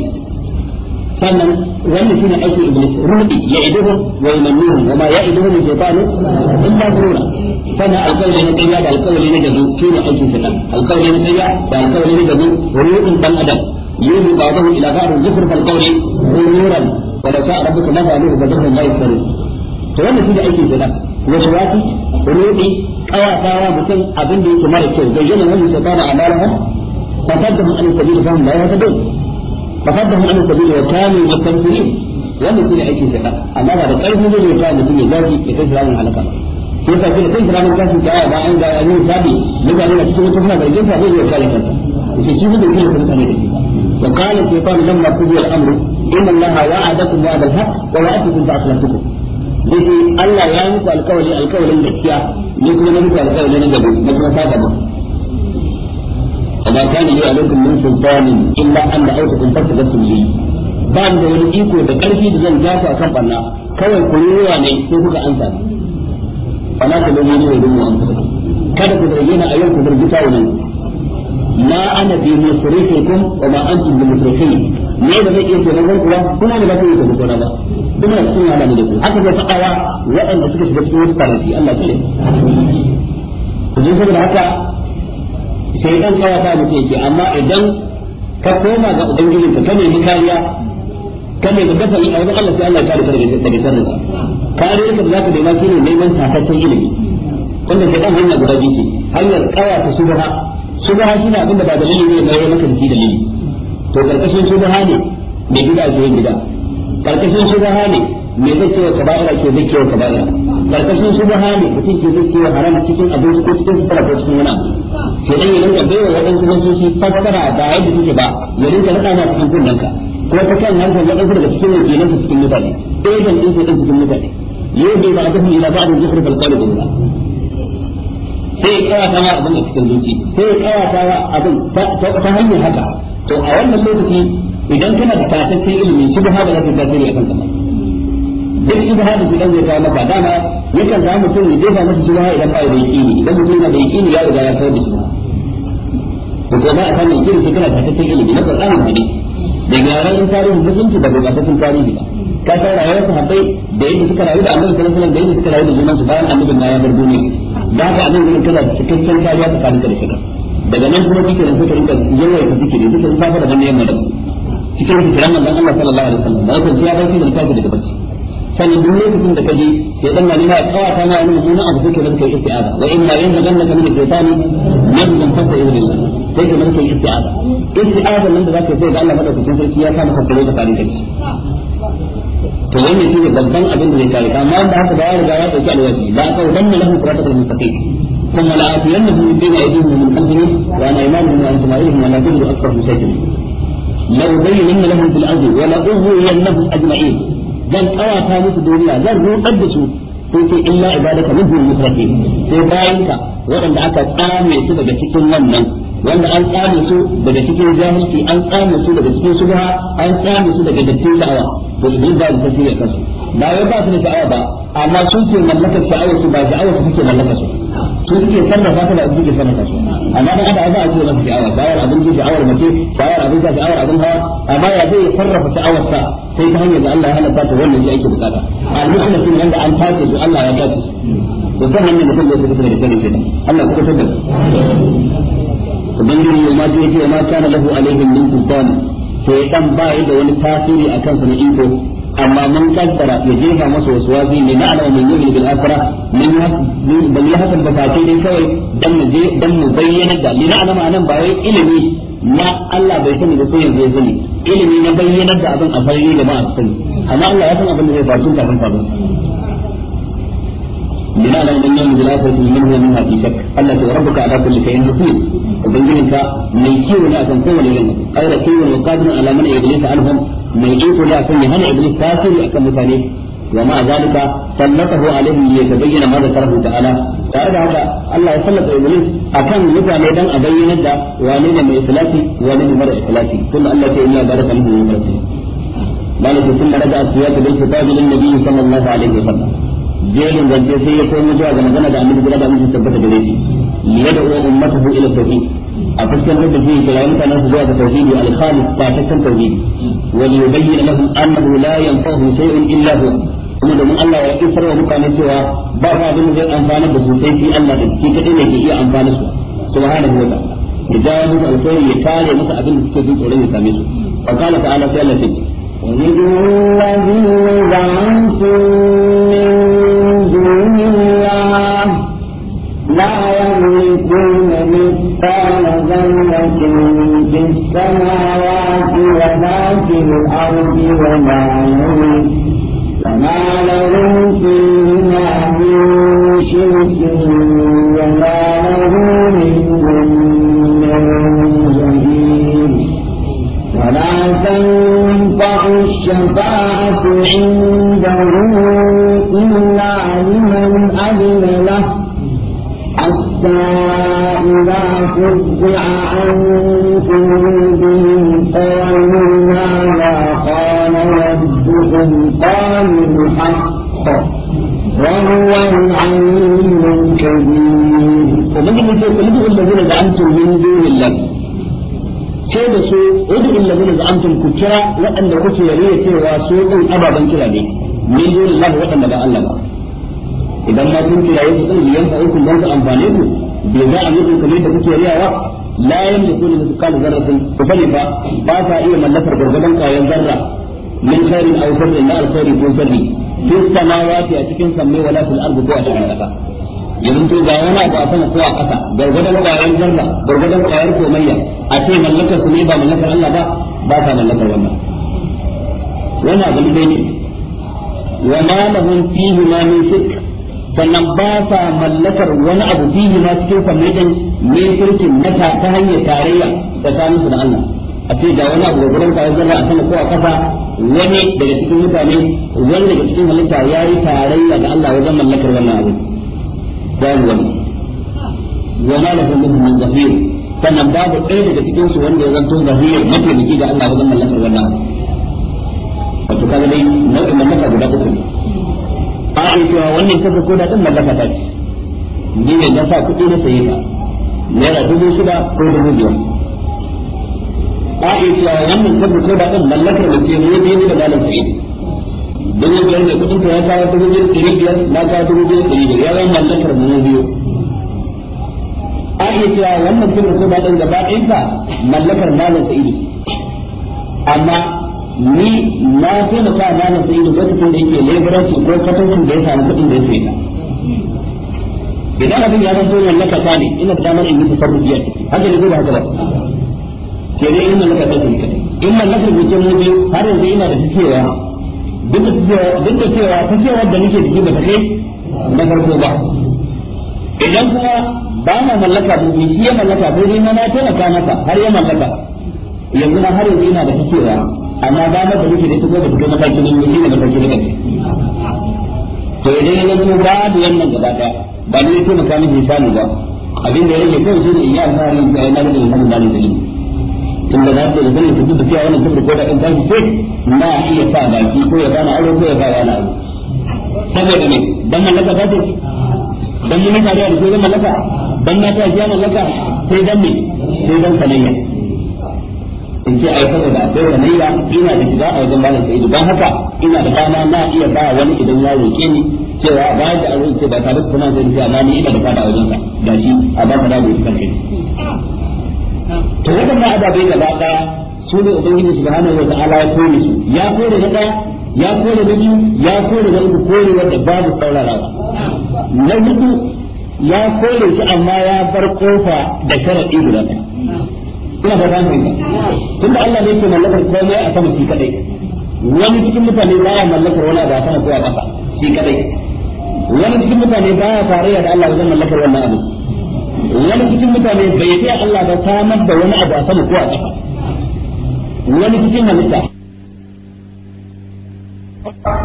sannan wannan shine aikin iblis rubi ya idihu wa yumannihum wa ma ya'iduhum shaytanu illa ghurura sannan alƙawari na ƙarya da alƙawari na gazu shine aikin shaytan alƙawari na ƙarya da alƙawari na gazu ruhun dan adam yuhi ba'dahu ila ba'd zikr fal qawli ghururan wa la sa'a rabbuka ma fa'aluhu fa dhurran la tsari. to wannan shine aikin shaytan wasu wati rubi kawatawa mutum abin da yake mara kyau bayyana wannan a amalahum fa tadhum an sabili da la yahtadun fasaddahum an sabili wa kanu mustamsirin wannan shine aikin shaitan amma ba da karfin zai ta mutum ya zafi ya ka ramin halaka ko ta ce kai ramin kasu da ba an ga an yi sabi mutane na cikin wata suna zargin ta zai iya kare kanta shi shi ne kai kuma ne wa qala shaytan lamma qudiya al-amru inna allaha wa'adakum wa'ada al-haq wa wa'adakum fa akhlaftukum Allah ya muku alkawari alkawarin gaskiya ne kuma na alkawari na gaba na kuma saba amma kana yi alaikum min sultanin illa an da auka kun fasta gasu yi ba da wani iko da karfi da zan gafa kan banna kawai ku ruwa ne sai kuka ansa ana ka da wani wani mu ansa kada ku bayyana a yau ku burgita wani ma ana bi musrifikum wa ma antum bi musrifin ne da zai iya tsoron kuwa kuma da zai iya tsoron ba kuma da cikin halami da ku haka zai faɗawa waɗanda suka shiga cikin wasu Allah ya kare ku saboda haka sai dan kawata mutum yake amma idan ka koma ga ubangijin ka kane ni kariya kane ga dafa ni ayyukan Allah sai Allah ya kare ka daga sharrin sa kariyar ka zaka nema shine neman tataccen ilimi wanda sai dan hanya guda biyu hanyar subuha subha subha shine abinda ba dalili ne ba ya maka dalili to karkashin subha ne mai gida ke gida karkashin subha ne me zai ce wa kaba'ira ke zai ke wa kaba'ira karkashin shubha ne mutum ke zai ce haram cikin abinci ko cikin fara ko cikin wani abu dan ya rinka baiwa waɗansu nasoshi fassara ba yadda suke ba ya rinka naɗa ma cikin kunnanka ko ta kan ya ɗansu daga cikin wakilanta cikin mutane ɗaya eh, ɗin sai ɗin cikin mutane yau bai ba a tafi ila ba a rinka shirfa alƙali da ba sai ya kawata ma abin a cikin zuci sai ya kawata ma abin ta hanyar haka to a wannan lokaci idan kana da tatattun ilimi shubha ba za ta tasiri a kan ba duk shi hada shi dan zai kawo maka dama yakan samu mutum ya jefa masa shi ha idan ba da yaqini idan mutum yana da yaqini ya riga ya kawo da shi to ko ba a kan yaqini shi kana cikakken ilimi na Qur'anin hadisi da gyaran tarihin musulunci da bukatun tarihi ba ka san rayuwar sahabbai da yadda suka rayu da annabi sallallahu alaihi wasallam da yadda suka rayu da junansu bayan annabi na ya bar duniya da haka annabi ne kana cikakken kariya tsakanin da shaka daga nan kuma kike da suka rinka yawa ka zikiri suka safa da wannan yamma da cikin kiran Allah sallallahu alaihi wasallam da kan ciya barci da barci sannan duk lokacin da kaje sai dan malima ya kawata ma wani mutum abu a ka kai isti'aza wa inna yanzaghannaka min shaytani nazghun fasta idrillah sai ka kai isti'aza isti'aza nan da zaka sai ga Allah madaukakin sarki ya kama kakkare da kare kai to wannan shine babban abin da zai kare ka amma da haka ba ya riga ya dauki alwaji da aka wannan lahu qur'atul mustaqim ثم لا أتينهم من بين أيديهم من خلفهم وعن أيمانهم وعن شمائلهم ولا تجد أكثرهم شيئا لو بينن لهم في الأرض ولأغوينهم أجمعين zan kawata musu duniya zan rudar da su sai ce illa ibadaka minhum mutaqin sai ka waɗanda aka tsame su daga cikin wannan wanda an tsame su daga cikin jahilci an tsame su daga cikin subha an tsame su daga dattin sha'awa to idan ba su tafiya kansu ba wai ba su da sha'awa ba amma sun ce mallakar sha'awar su ba sha'awar su suke mallakar su su suke sarrafa ta ba su suke sarrafa su amma dan adam za a ce masa sha'awa sha'awar abinci sha'awar mace sha'awar abin sha sha'awar abin hawa amma ya zai sarrafa sha'awar sa sai ta hanyar da Allah ya halatta ta wannan shi ake bukata al-muslim din wanda an tace su Allah ya tace to san hanyar mutum zai fita da sharri shi Allah ku kusa da ubangiji ya ma ce ma kana lahu alaihim min sultan sai dan ba da wani tasiri akan su na iko amma mun kaddara ya jefa masa wasu wazi ne na alama mun yi bil akhira min bal ya ba sai dai kawai dan mu je dan mu bayyana da lina alama anan ba wai ilimi na Allah bai sani da sai yanzu ya sani ilimi na bayyana da abin a bayyana da ma a sani amma Allah ya san abin da zai faru kafin faru bina da dan yamu bila fa min huwa min hafi shak Allah ta rabbuka ala kulli shay'in hafiz ubangijin ka mai kiwo ne akan kowane irin aure kiwo wa qadirun ala man iblis anhum mai iko ne akan ya hana iblis tasiri akan mutane ومع ذلك سلطه عليهم ليتبين ما ذكره تعالى تعالى هذا الله يسلط ابليس اكن يبقى ميدان ابين ده وانين من اخلاصي وانين مر اخلاصي ثم الله الا بارك له ويبارك له ذلك ثم رجع السياق بالخطاب للنبي صلى الله عليه وسلم jerin zance sai ya komo zuwa ga magana da annabi da mun tabbata da shi yadda da uwa ummatahu ila tauhid a fuskantar da shi kira mutanen su zuwa ga tauhidi al-khalis ba ta kan tauhidi wa yubayyana lahum annahu la yanfa'u shay'un illa hu kuma domin Allah ya isar wa mutane cewa ba ba abin da zai amfana da su sai shi Allah da shi kadai ne ke iya amfana su subhanahu wa ta'ala ya jawo musu alkhairi ya kare musu abin da suke jin tsoron ya same su fa qala ta'ala sai Allah ce وَيَدْعُو الَّذِينَ زَعَمْتُمْ مِنْ السماوات وما في الأرض وما له وما له في القرآن الحق وهو العلي الكبير ومن يقول ادعوا الذين زعمتم من دون الله ce da su udul ladina za'amtum ku kira waɗanda kuke yare cewa su din ababan kira ne min dunillah waɗanda ba Allah ba idan ma kun kira yesu din liyan fa'ukum dan amfane ku bai za a muku kamar da kuke riyawa la yamliku li mithqal ba ba ta iya mallakar gurgurdan kayan zarra min sharrin aw sharrin la alkhairi ko sharri fi samawati a cikin sammai wala fil ardi ko a cikin kasa yanzu to ga wani abu a sama ko a kasa gargadan kwayar zarra gargadan kwayar komayya a ce mallakar su ne ba mallakar Allah ba ba ta mallakar wannan wannan abu ne ne wa ma lahum fihi ma min shirk sannan ba sa mallakar wani abu fihi ma cikin sammai din ne shirkin mata ta hanyar tarayya da ta musu da Allah a ce ga wani abu gargadan kwayar jarra a san ko a kasa wani daga cikin mutane wani daga cikin halitta ya yi tarayya da Allah wajen mallakar wannan abu babu wani wa ma lahu min zahir sannan babu ɗaya daga cikin su wanda ya zanto mafi biki ga Allah wajen mallakar wannan abu wato kaga dai nau'in mallaka guda uku ne a yi cewa wannan ta farko da din mallaka ta ce ni ne na sa kuɗi na sayi ta naira dubu shida ko dubu biyar a iya cewa wannan tabbata da ɗan mallakar da ne ne da malam sa'idi Don ya gane kudin ta ya kawo ta wajen ɗari biyar na kawo ta wajen ɗari biyar ya zama mallakar mu biyu a wannan tabbata da kan gaba ɗayan ta mallakar malam sa'idi amma ni na taimaka malam sa'idi lokacin da yake leburanci ko da ya samu kudin da ya sayi idan abin ya zanto mallaka ta ne ina da damar in yi tasarrufi haka ne ko haka ba ke ne inna laka zai kai in mallakar mace mu je har yanzu ina da cewa duk da cewa ta cewa da nake da ba ta kai na farko ba idan kuma ba na mallaka mu bi shi ya mallaka ko dai na taimaka masa har ya mallaka yanzu na har yanzu ina da cewa amma ba na da nake da ita ko ba kai na farko ne ne na farko ne to idan ya zo babu wannan gaba daya ba ne ya taimaka miki misali ba abin da ya rage kawai shi ne iya alfaharin da ya na rage alhamdulillah da ilimi inda za su da zanna duk da cewa wannan kufur ko da in tashi sai na iya sa baki ko ya gama aure ko ya gama na aure saboda ne dan mallaka ta ce dan mun ka da ko dan mallaka dan na ta ya mallaka sai dan ne sai dan sanayya in ce ai saboda akwai sanayya ina da shiga a wajen malam sai dan haka ina da dama na iya ba wani idan ya roke ni cewa ba da aure ce ba tare da kuma zai ji na ni ina da fada a wajen sa shi a ba ka da gobe kan to waɗannan ababai gaba ɗaya su ne ubangiji subhanahu wa ta'ala ya kore su ya kore na ɗaya ya kore na biyu ya kore na uku kore wanda babu saurara na hudu ya kore shi amma ya bar kofa da sharaɗi guda ɗaya ina fata mun tun da Allah ne ke mallakar komai a sama shi kadai wani cikin mutane baya mallakar wani abu a sama ko a ƙasa shi kadai wani cikin mutane baya tarayya da Allah wajen mallakar wannan abu wani cikin mutane bai sai Allah ba samar da wani abu a sama ko a ƙasa wani cikin halitta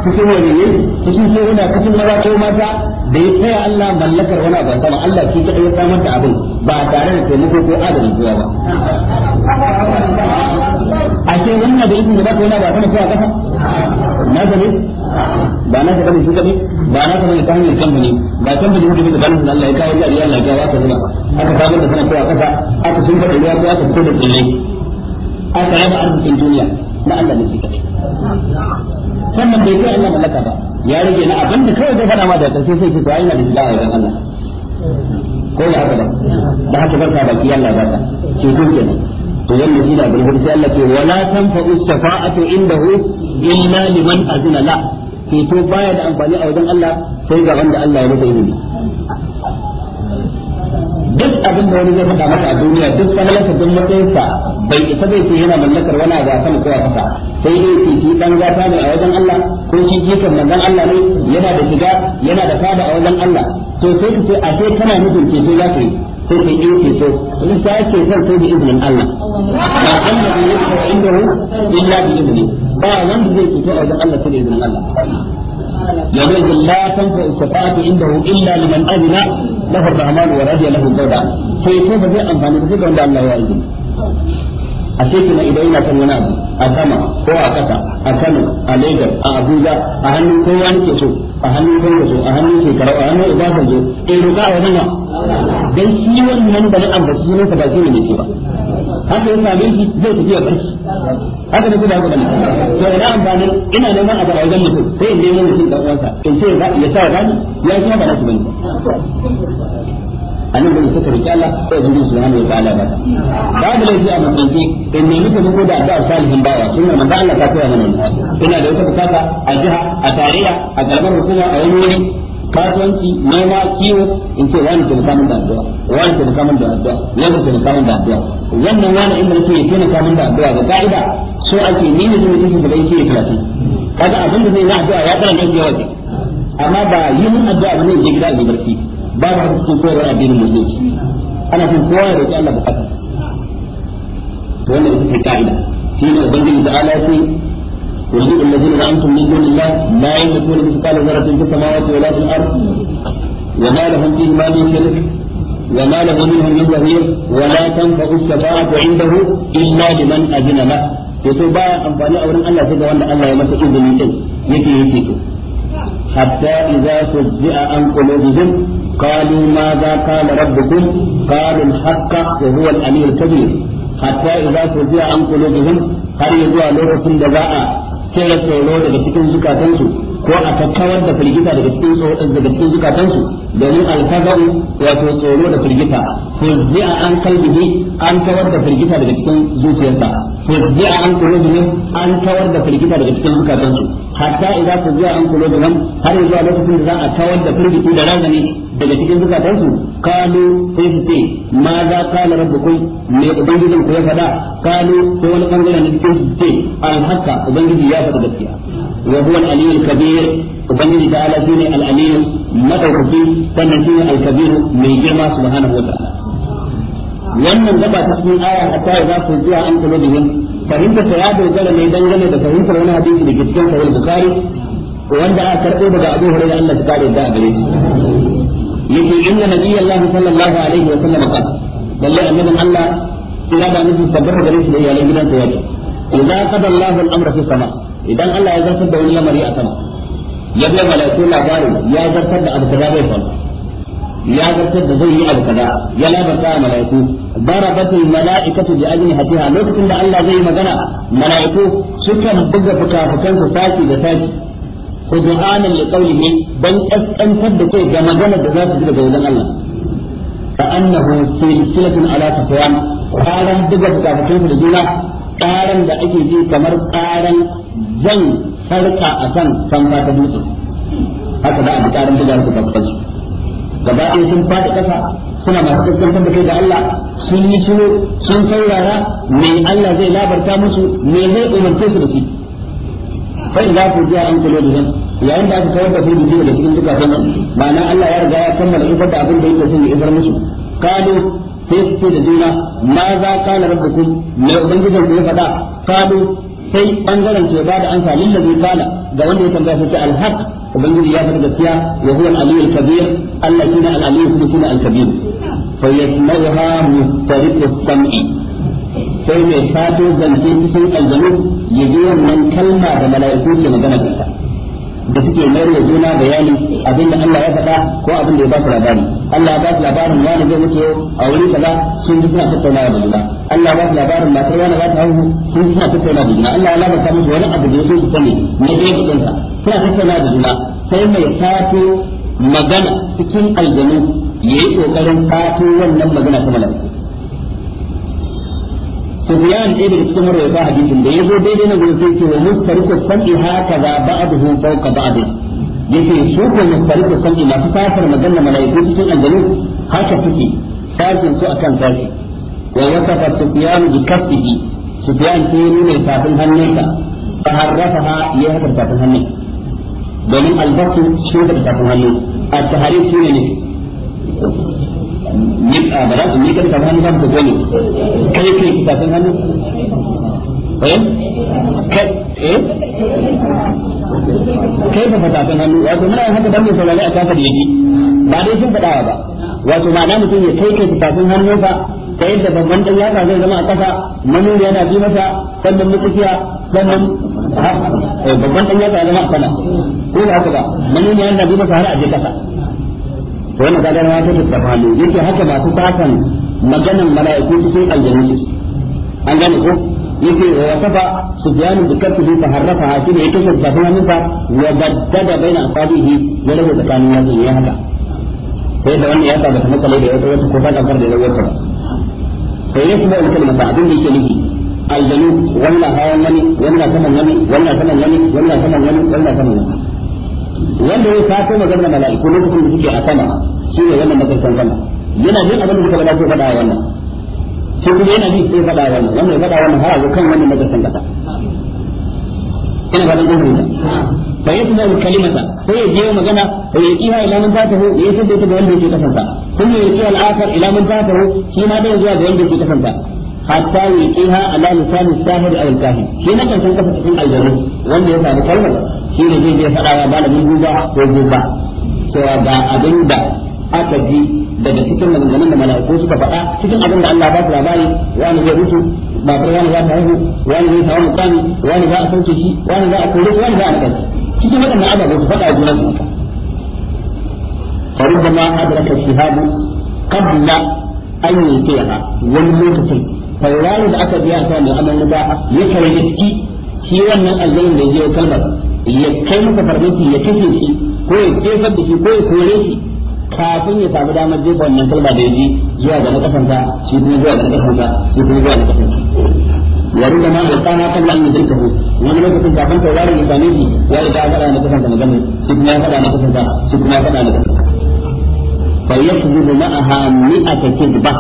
cikin wani ne cikin sai wani cikin maza ko mata da ya tsaya Allah mallakar wani abu a sama Allah shi kaɗai ya samar da abin ba tare da taimako ko adalin zuwa ba a ce wannan da izin da ba ka wani abu a sama ko a ƙasa na gane ba na gane shi kaɗai ba na kamar ta hanyar kamfani ba kamfani mutum da ganin Allah ya kawo jari Allah ya kawo zuba aka samar da sanar a kasa aka sun fada ruwa ko aka fito da tsille aka raba arzikin duniya na Allah ne shi sannan bai kai Allah mallaka ba ya rage na abinda kawai zai fada ma da karshe sai ce to na da shiga a Allah ko ya haka ba da haka barka baki Allah ba ta ce kun kenan to yanda shi da bulbul sai Allah ce wala tanfa'u shafa'atu indahu illa liman azina la ceto baya da amfani a wajen Allah sai ga wanda Allah ya nufa izini duk abin da wani zai faɗa maka a duniya duk fahimta don matsayinsa bai isa bai ce yana mallakar wani abu a sama ko a kasa sai dai ce shi dan gata ne a wajen Allah ko shi jikan manzon Allah ne yana da shiga yana da fada a wajen Allah to sai ka ce a sai kana nufin ceto za ka yi sai ka yi ke so wani sa yake son sai da izinin Allah ba Allah ne yi ce inda hu illa bi izni ba wanda zai fito a wajen Allah sai da izinin Allah ya zai ji la tanfa istafa'atu inda hu illa liman azina lahu rahman wa radiya lahu zawda sai to ba zai amfani da wanda Allah ya izini a cikin idan yana son wani abu a sama ko a kasa a Kano a Lagos a Abuja a hannun kowa nake so a hannun so a hannun shekaru a hannun Obasanjo in eh, roƙa a wannan dan shi nan da na shi ne ka ba shi ne ce ba haka ya same shi zai tafi ba barci haka ne kuma haka ne to ina amfanin ina neman abu a wajen mutum sai in nemo mutum da uwansa in ce ya sa rani ya shi ba na shi bane anan gudu suka roki Allah sai zuwa subhanahu wa ta'ala ba babu laifi a mutunci in nemi taimako da addu'a salihin bawa sunnar manzo Allah ta koya mana ina da wata bukata a jiha a tarayya a karamar hukuma a wani wuri kasuwanci noma kiwo in ce wani ke mukamin da addu'a wani ke mukamin da addu'a yanzu ke mukamin da addu'a wannan wani in nake ke mukamin da addu'a ga ka'ida so ake ni ne zai mutunci da yake karatu kaga abin da zai na addu'a ya karanta yawa amma ba yi mun addu'a ne ke gida da barki babu haka cikin koyarwar addinin musulunci ana son kowa ya roƙi Allah bukata to wannan ita ce ka'ida shi ne ubangiji da da ce da الذين زعمتم من دون الله لا يملكون مثقال ذرة في السماوات ولا في الأرض وما لهم فيهما من شرك وما له منهم من ظهير ولا تنفع الشفاعة عنده إلا لمن أذن له yato baya amfani a wurin Allah sai ga wanda Allah ya masa izini din yake yake to hatta idza fuzza an qulubihim قالوا ماذا قال ربكم قالوا الحق وهو الأمير الكبير حتى إذا فزع عن قلوبهم هل يزوى لغة دباء kira tsoro daga cikin zukatansu ko a kakkawar da firgita daga cikin tsoron daga cikin zukatansu domin alfazau wato tsoro da firgita fuzzi'a an kalbihi an tawar da firgita daga cikin zuciyarsa fuzzi'a an qulubihim an tawar da firgita daga cikin zukatansu hatta idza fuzzi'a an qulubihim har yanzu a lokacin da za a tawar da firgiti da razani daga cikin zukatansu kalu sai su ce ma za ka kala kai me ubangijin ku ya faɗa kalu sai wani bangare na cikin su ce al haka ubangiji ya faɗa gaskiya wa huwa al aliyyul kabir ubangiji ta ala shine al aliyyul madaukaki sannan shine al kabir mai girma subhanahu wa ta'ala wannan gaba ta cikin aya hatta za su zuwa an kullu bihin fahimtar ta ya dogara mai dangane da fahimtar wani hadisi da ke cikin sahih bukhari wanda aka karɓo daga abu hurairah Allah ta kare da gare shi yake inna nabiyallahi sallallahu alaihi wa sallam qala lalle annabin Allah ila da miji tabbata gare shi da iyalan gidansa yake idza qada Allahu al-amra fi sama idan Allah ya zartar da wani lamari a sama ya ga malaiku labarin ya zartar da abu da bai faru ya zartar da zai yi abu kaza ya labarta wa malaiku darabatul malaikatu bi ajnihatiha lokacin da Allah zai magana malaiku sukan buga fuka-fukansu saki da saki خدعانا لقوله بل أسأنتد كي جمجنا دزات جدا جوزان الله فأنه سلسلة على تفوان قارا دقة كافتين في الجولة قارا دعيك أكي كمر قارا زن فرقا أسان سمتا تدوث هكذا أبي قارن دقة كافتين gaba ɗaya sun faɗi ƙasa suna masu kaskantar da kai da Allah sun yi shiru sun saurara me Allah zai labarta musu me zai umarce su da shi fa idza fujiya an qulubihim yayin da aka kawar da su da cikin zukatan nan ma'ana Allah ya riga ya kammala ifar da abin da yake son ya ifar musu qalu sai su da juna ma za kana rabbukum mai ubangijin ku ya faɗa qalu sai bangaren ce ba da an salin da zai kana ga wanda ya tambaya sai alhaq ubangiji ya faɗa gaskiya wa huwa al-aliyyul kabir Allah shine al-aliyyu kuma shine al-kabir fa yasma'uha mustariqu sam'i sai mai fato zance cikin aljanu ya ji wannan kalma da mala'iku ke magana da ita da suke mayar da juna bayani abin da Allah ya faɗa ko abin da ya ba su labari Allah ya ba su labarin wani zai mutu a wuri kaza sun ji suna tattaunawa da juna Allah ya ba su labarin matar wani za ta haihu sun ji suna tattaunawa da juna Allah ya labarta musu wani abu da ya so su sani na ɗaya ɗansa suna tattaunawa da juna sai mai fato magana cikin aljanu ya yi ƙoƙarin fato wannan magana ta mala'iku سفيان ابن سمر يبا حديث ده يزو dai نقول فيك ومسترك السمع هكذا بعضه فوق بعض yake su ko mustarik da sanki masu fasar magana malaiku cikin aljanu haka suke sakin su akan sashi wa wasafa sufyan bi kasbihi sufyan sai nuna tafin hannunsa fa harrafaha ya haka tafin domin hannu at-tahrif ni a ah, ba za su ni kan hannu kai kai ki tafin hannu eh? kai eh kai hannu wato muna haka dan mai a kafa da ba dai sun ba wato ma'ana mutum ya kai hannu ta yadda babban dan yaka zai zama a kasa manin yana ji masa sannan mutukiya sannan eh, babban dan yaka zama a ƙasa, ko da haka ba manin yana ji masa har a je kasa to na kaga ma da tafalu yake haka ba su sakan maganan mala'iku cikin aljanna an gane ko yake wa kafa sufyan bi kafi ta harrafa ha shine yake da hannun sa wa baddada baina asabihi ya rabu tsakanin yatsun ya haka sai da wannan ya ta ta makalai da wata wata ko ba ta da wata ba sai ya kuma wata masa abin da yake nufi aljanu wannan hawan wani wannan kaman wani wannan kaman wani wannan kaman wani wannan kaman wani wanda ya kaso maganar mala'iku lokacin da suke a sama shi ne wannan makarsan sama yana jin abin da suka faɗa ko fada wannan shi kuma yana ji sai fada wannan wannan ya faɗa wannan har a kan wannan makarsan kasa ina fatan kun fahimta fa yasma al kalimata sai ya je magana fa ya iha ila ta tafahu ya yi ta ga wanda yake kasanta kuma ya yi al akhar ila ta ta shi ma da zuwa ga wanda yake kasanta hatta yuqiha ala lisan sahir aw al-kahin shi na kan kafa cikin aljanna wanda ya samu kalmar shi ne zai je fada wa malamin a ko guba cewa daga cikin maganganun da mala'iku suka faɗa cikin abin da Allah ba su labari wani zai mutu ba fara wani za ta haihu wani zai samu mukami wani za a sauke shi wani za a kore shi wani za a nakaci cikin waɗannan ababen su faɗa junan su فربما أدرك الشهاب قبل أن يلقيها wani فيه sauraro da aka biya sa mai aman ba ya tarbiski shi wannan aljannin da zai kalmar ya kai masa farmaki ya kashe shi ko ya jefar da shi ko ya kore shi kafin ya samu damar jefa wannan kalma da ya ji zuwa ga nakasanta shi kuma zuwa ga nakasanta shi kuma zuwa ga nakasanta wani da ma da tsana kan lalmi da kafu wani lokacin kafin tauraron ya same shi ya yi ya faɗa na kasanta na gani shi kuma ya faɗa na kasanta shi kuma ya faɗa na kasanta fa yakzubu ma'aha mi'ata ba.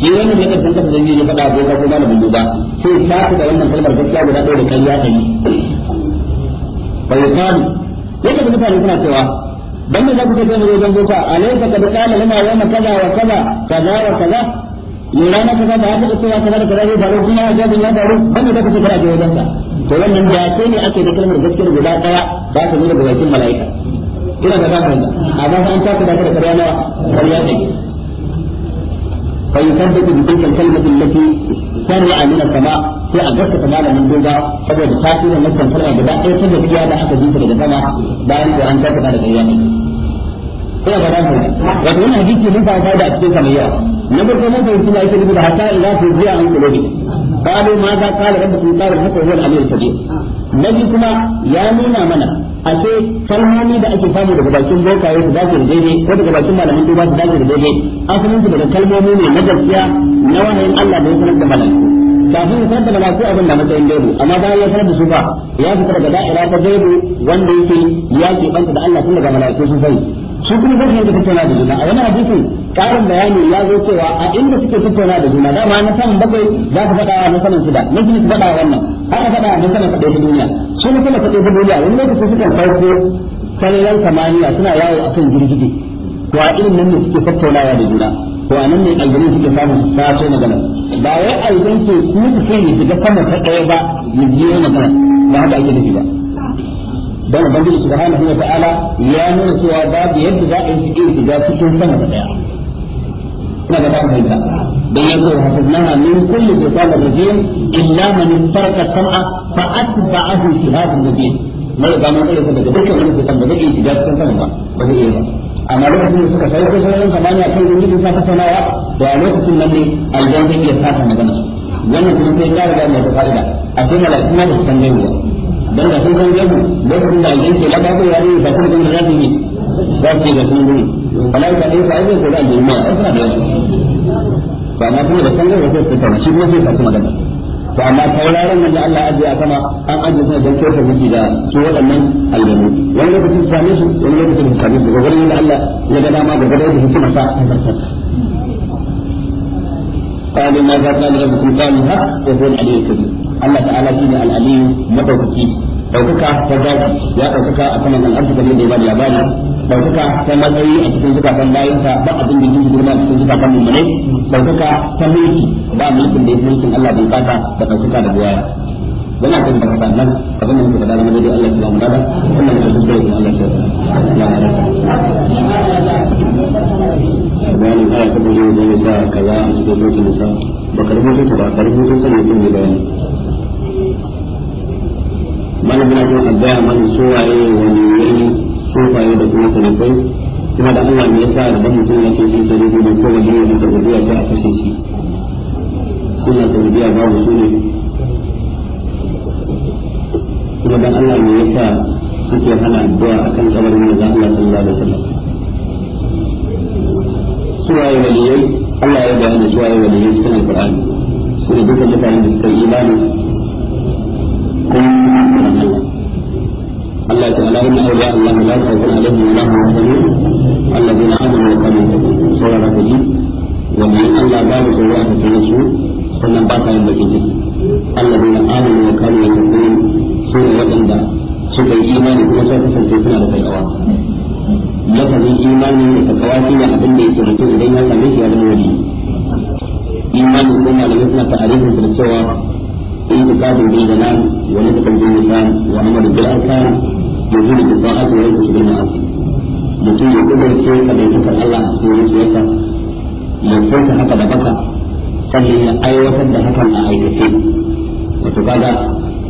shi wannan ne kan da zai yi faɗa ko ka ko malamin duba sai ta ku da wannan kalmar gaskiya guda ɗaya da kariya yi bai kan yake da mutane suna cewa dan da za ku kai ne wajen boka alayka kana lama ya maka kaza wa kaza kaza wa kaza ne rana kaza da aka cewa kaza da kaza zai faru kuma ya ga ya faru dan da ku ce kana je wajen ka to wannan da sai ne ake da kalmar gaskiya guda ɗaya ba ta nuna da bakin mala'ika ina da ba ta amma an ta ku da kariya nawa kariya ne فيصدق بتلك الكلمة التي سمع من السماء في أجرت سماء من دوبا فهو بتاثير النفس الفرع بدا أي سنة فيها بحث جيسة لجسامة بارك وأن تلك da الأيام ina ba dan wato wannan hadisi mun samu fa'ida a cikin sa mai yawa na farko mun fahimci da yake rubuta hatta ila fi ziya an kulubi qalu ma za qala rabbukum qala hatta huwa al-alim kuma ya nuna mana a kalmomi da ake samu daga bakin bokaye su dace da daidai ko daga bakin malamin duba su dace da daidai asalin su daga kalmomi ne na gaskiya na wahayin Allah da ya sanar da ba kafin ya sanar da masu abin da matsayin daidu amma bayan ya sanar da su ba ya fita daga da'ira ta daidu wanda yake ya ke banta da Allah tun daga malamin sun sani su kuma zai yi tattauna da juna a wani hadisi karin bayani ya zo cewa a inda suke tattauna da juna dama na san bakwai za ka faɗa na sanin da na jini su faɗa wannan haka faɗa na sanin faɗa ta duniya su ne kuma faɗa ta duniya wani lokaci suka farko sararin samaniya suna yawo a kan girgije to a irin nan ne suke tattaunawa da juna to a nan ne aljanu suke samun su sato magana ba wai aljan ce ku su sai ya shiga sama ta ɗaya ba ya biyo magana ba haka ake nufi ba dan ubangiji subhanahu wa ta'ala ya nuna cewa babu yadda za a yi da shiga cikin sama da daya ina da babu hanta dan yanzu hafizna min kulli shaytanir rajim illa man farqa sam'a fa atba'ahu shihabun rajim mai ga mun da daga dukkan wani shaytan ba zai iya shiga cikin sama ba ba zai yi ba amma lokacin da suka sai ko sauran samaniya kan gudu sa tattaunawa da a lokacin nan ne aljan zai iya saka magana wannan kuma sai ya ga mai fa'ida a cikin malaikun da san gaiwa dan da sun san gabu lokacin da aljin ke laba ko yare ba kun da zai yi ba ke da sun gudu Allah ka dai sai ko da aljin ma da ba ma kuma da san gabu ko ta tashi kuma sai ka kuma da Ba amma tauraron nan da Allah ajiye a sama an ajiye suna don kyautar miki da su waɗannan aljanu wani lokacin su same su wani lokacin su su ga ne da Allah ya ga dama ga gurin da hikima sa قالوا ماذا قال ربكم قالوا ها وهو العلي الكبير Allah ta'ala shine al-alim madaukaki daukaka ta zaki ya daukaka a saman al'arshi kamar da ya bada labari daukaka ta matsayi a cikin zukatan bayansa ba abin da yake girma a cikin zukatan mummunai daukaka ta mulki ba mulkin da ya mulkin Allah bai kasa da daukaka da buwaya yana kan da kasan nan abin da muke faɗa na madadi Allah ya mu dada wannan da duk da Allah ya bayani ana ta bude da nisa kaza a cikin lokacin sa ba karbo sun ta ba karbo sun ne sun bayani malam muna a gaya mana suwaye wani ne da kuma sanafai kuma da Allah da mutum ya ce shi sai dai ko da Saudiya a kashe shi suna Saudiya babu su ne kuma Allah suke hana Allah sallallahu alaihi wasallam waliyai Allah ya bayyana waliyai qurani dukkan mutanen da suka yi imani الله تعالى إن أولياء الله لا خوف عليهم ولا هم يحزنون الذين آمنوا وكانوا يتقون سورة الحديد ومن الله باب سورة الرسول sannan ba sa yin bakin ciki alladina amanu wa kanu yattaqun su ne waɗanda suka yi imani kuma sun kasance suna da takawa lafazin imani da takawa shi ne abin da yake mutum idan ya same shi ya zama wali imani ko malamai suna ta'arifin kafin bil yanzu da kusa aka yi su gina abu mutum ya kudurce ka da dukkan Allah a cikin zuciyarsa ya furta haka da baka sannan ya aiwatar da hakan a aikace wato kaga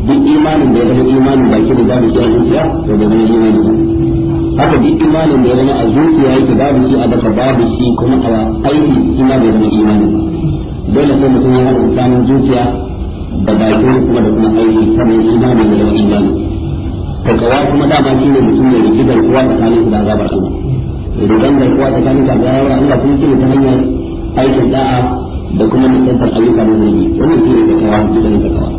duk imanin da ya zama imanin baki da babu shi a zuciya to da zama imani ba haka duk imanin da ya zama a zuciya yake babu shi a baka babu shi kuma a aiki shi ma bai zama imani ba dole sai mutum ya haɗa tsakanin zuciya da bakin kuma da kuma aiki saboda imani da zama imani takawa kuma dama shi ne mutum mai rigidar kuwa tsakanin su da azabar Allah rikidan da kuwa tsakanin ka da yawon Allah kuma shi ne ta hanyar aikin da'a da kuma nisantar ayyuka na zurbi wannan shi ne takawa rikidan kawa.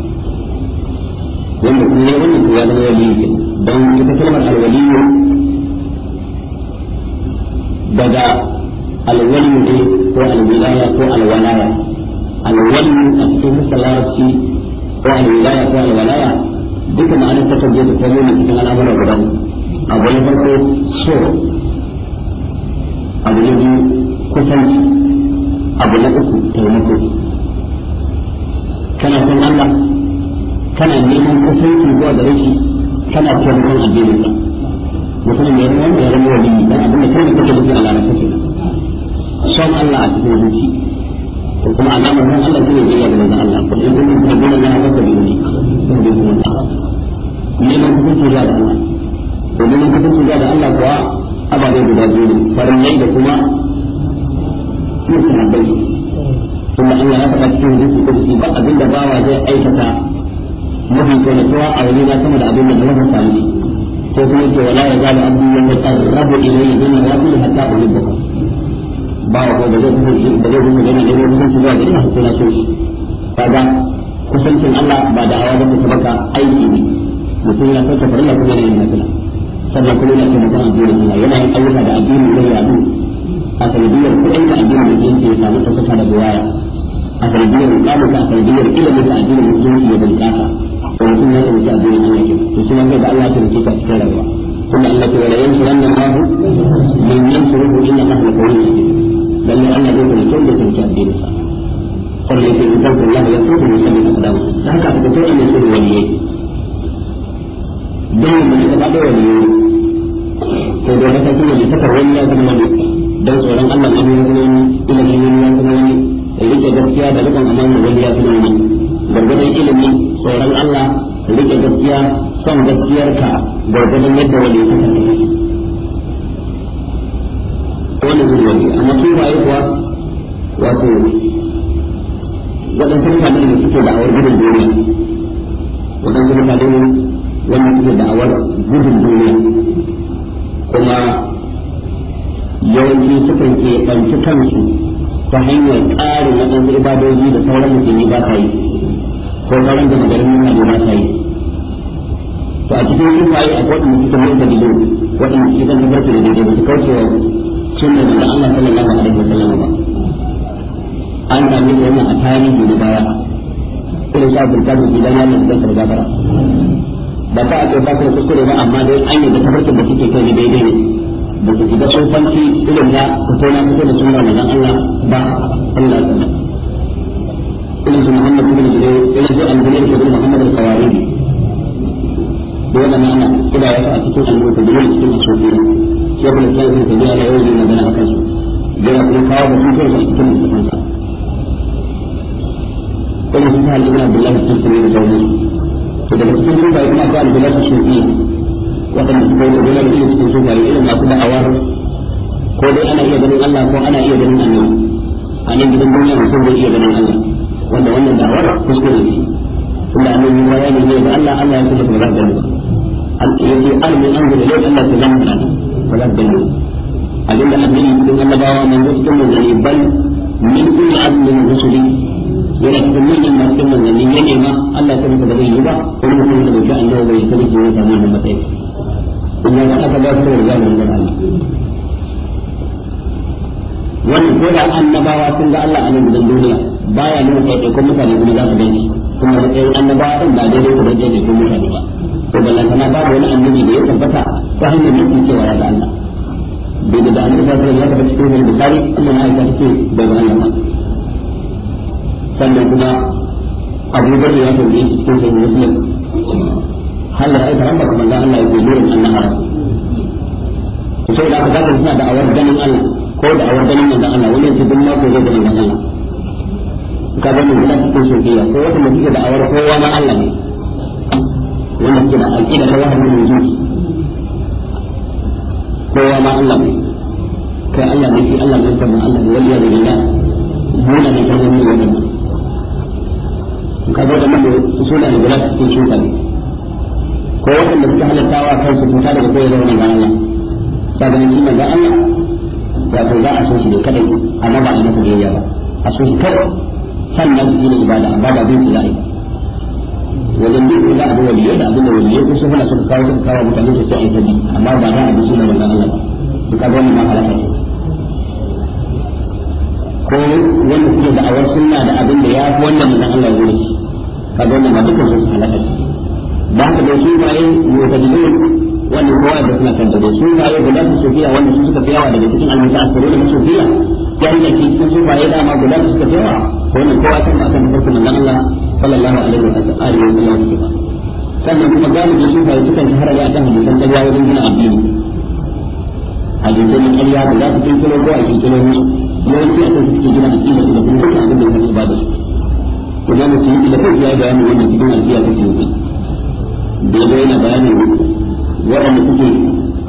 wanda kuma ya wannan kuwa zama wali ke don ita kalmar alwaliyu daga alwaliyu ne ko alwilaya ko alwalaya alwaliyu a cikin masalaci ko alwilaya ko alwalaya duka ma'anar ta da ta zo cikin al'amura guda abu na farko so abu na biyu kusanci abu na uku taimako kana son Allah kana neman kusanci zuwa gare shi kana taimakon addinin ka mutumin ya zama ya zama wani dan abin da kai ne kake da shi Allah na kake son Allah a cikin zuciya kuma alamar nan suna cikin jiya da manzon Allah ko bi ta ne tura da Allah tura da Allah kuwa guda da kuma bai kuma Allah ya faɗa cikin shi ba abin da bawa zai aikata mafi a wani na sama da abin da na sami ko kuma ce wala ya zaɓi abin da ya ƙarrabu ilayhi zai na rabu hatta ba ya ko da zai kusanci da zai kusanci da zai kusanci zuwa gari masu suna shi kaga kusancin Allah ba da hawa da kuma baka aiki ne mutum yana sauke farilla kuma yin nasila sannan kuma yana taimakon addinin Allah yana yin ayyuka da addinin zai yadu a sanadiyar kuɗin da addinin da yake ya samu da buwaya a sanadiyar kamun ka a sanadiyar ilimin da addinin musulunci ya bunƙasa da mutum ya taimakon addinin Allah ke to shi wanda da Allah ya taimake ka cikin rayuwa ثم انك ولينصرن الله من ينصره ان الله لقوي بل لان بكم كلة الكافرين قل لكي ينصر الله يسوكم من سبيل اقدامه فهكا فتسوء ان يسوء وليه دائما من يتبع وليه فدولة كلمة لتكر وليه كما dan tsoron Allah abu ya zama wani ilimin wani ya zama wani rike gaskiya da rikon amana wani ya zama wani gwargwadon ilimin tsoron Allah rike gaskiya son gaskiyarka gwargwadon yadda wani ya kasa wani zai wani amma su yi kuwa wato waɗansu mutane da suke da'awar gudun duniya waɗansu ne wani suke da'awar gudun duniya kuma yawanci sukan ke ɗanci kansu ta hanyar ƙarin waɗansu ibadoji da sauran musulmi ba ta yi ko sauran da magarin mutane ba ta yi to a cikin yin waye a waɗanda suka mai da dido waɗanda suke kan tabbata da daidai ba su kauce wa sunna da Allah sallallahu alaihi wasallam ba an sami wannan a tarihi da baya irin sa burkatu idan ya mai da gafara ba ta a ba su kuskure ba amma dai an yi da tabbacin da suke kai daidai ne da su shiga tsofanci irin na da Allah ba Allah irin su irin su Muhammad al da wannan ana ina a cikin al'umma da yawan cikin asobi ke kuma sai ku tabi ana yawan yin magana akan su yana kuma kawo mutum kai a cikin mutum sa kuma sun hali ibn abdullahi tasiri da to daga cikin duba ibn abdullahi tasiri waɗanda suka yi da gudanar da cikin su mai irin masu ko dai ana iya ganin Allah ko ana iya ganin Allah a nan gidan duniya mutum zai iya ganin Allah wanda wannan da'awar kuskure ne tunda annabi ya yi ne da Allah Allah ya kuma yace almi anzur ilayka Allah ta zama nan wala dalil abin da annabi din annabawa mun wasu kan manzanni bal min kulli abdi min rusuli yana cikin manyan masu kan manzanni ya nema Allah ta masa da bai yi ba wani mutum da bai ga annabawa bai sabi ya samu wannan matsayi kuma da aka ga fara da manzon wani ko da annabawa sun ga Allah a nan gidan duniya baya nuna kai ko mutane kuma za su gani kuma matsayin annabawa din ba daidai ku da jami'in mutane ba ko ballanta na babu wani annabi da ya tabbata ta hanyar mutum cewa ya ga Allah bai da annabi sallallahu alaihi ya tabbata cikin bukhari kuma na aika take da ga Allah sannan kuma Abu da ya ta yi cikin sahih Muslim hal ra'ayta ramba kuma da Allah ya yaqulu annaha to sai da aka suna da awar ganin Allah ko da awar ganin da Allah wani yace duk mako zai ganin manzon Allah ka ga mun da cikin sofiya ko wata mutum da awar kowa na Allah ne wannan kina alƙida ta wahayi ne zuci kowa ma Allah ne kai Allah ne shi Allah ne ta mu Allah ne wani ya zai dole ne ta wani wannan ka zo da mun suna ne da cikin shuka ne ko wanda suka halatta wa kansu cuta daga koyar da wannan bayan sabon shi manzo Allah wato za a so shi ne kadai amma ba a masa biyayya ba a so shi kadai sannan shi ne ibada amma ba bin kula ba wajen duk da abin waliyya da abin da sun suka kawo suka kawo mutane su sai aiki amma ba za a bi suna wannan Allah ba kaga ma halaka ce ko wanda suke da awar sunna da abin da ya fi wannan manzon Allah ya wuce kaga wannan ma dukkan su halaka ce da haka dai su baye wanda kowa da suna kan da su baye guda su sofiya wanda su suka fiyawa daga cikin almusa asiru da sofiya yan da ke su baye dama guda su suka fiyawa wannan kowa kan akan farko manzon Allah sallallahu alaihi wa alihi ya sallam ba sannan kuma galibi su fara sukan shahara ga akan hadisan ƙarya wajen gina addini hadisan ƙarya da za su kinkiro ko a kinkiro ne yawanci a kan suke gina aƙida da kuma kuma abin da ya ba da su to za su yi da kai ya bayani wannan cikin alƙiya ta ce da ya bayyana bayani waɗanda suke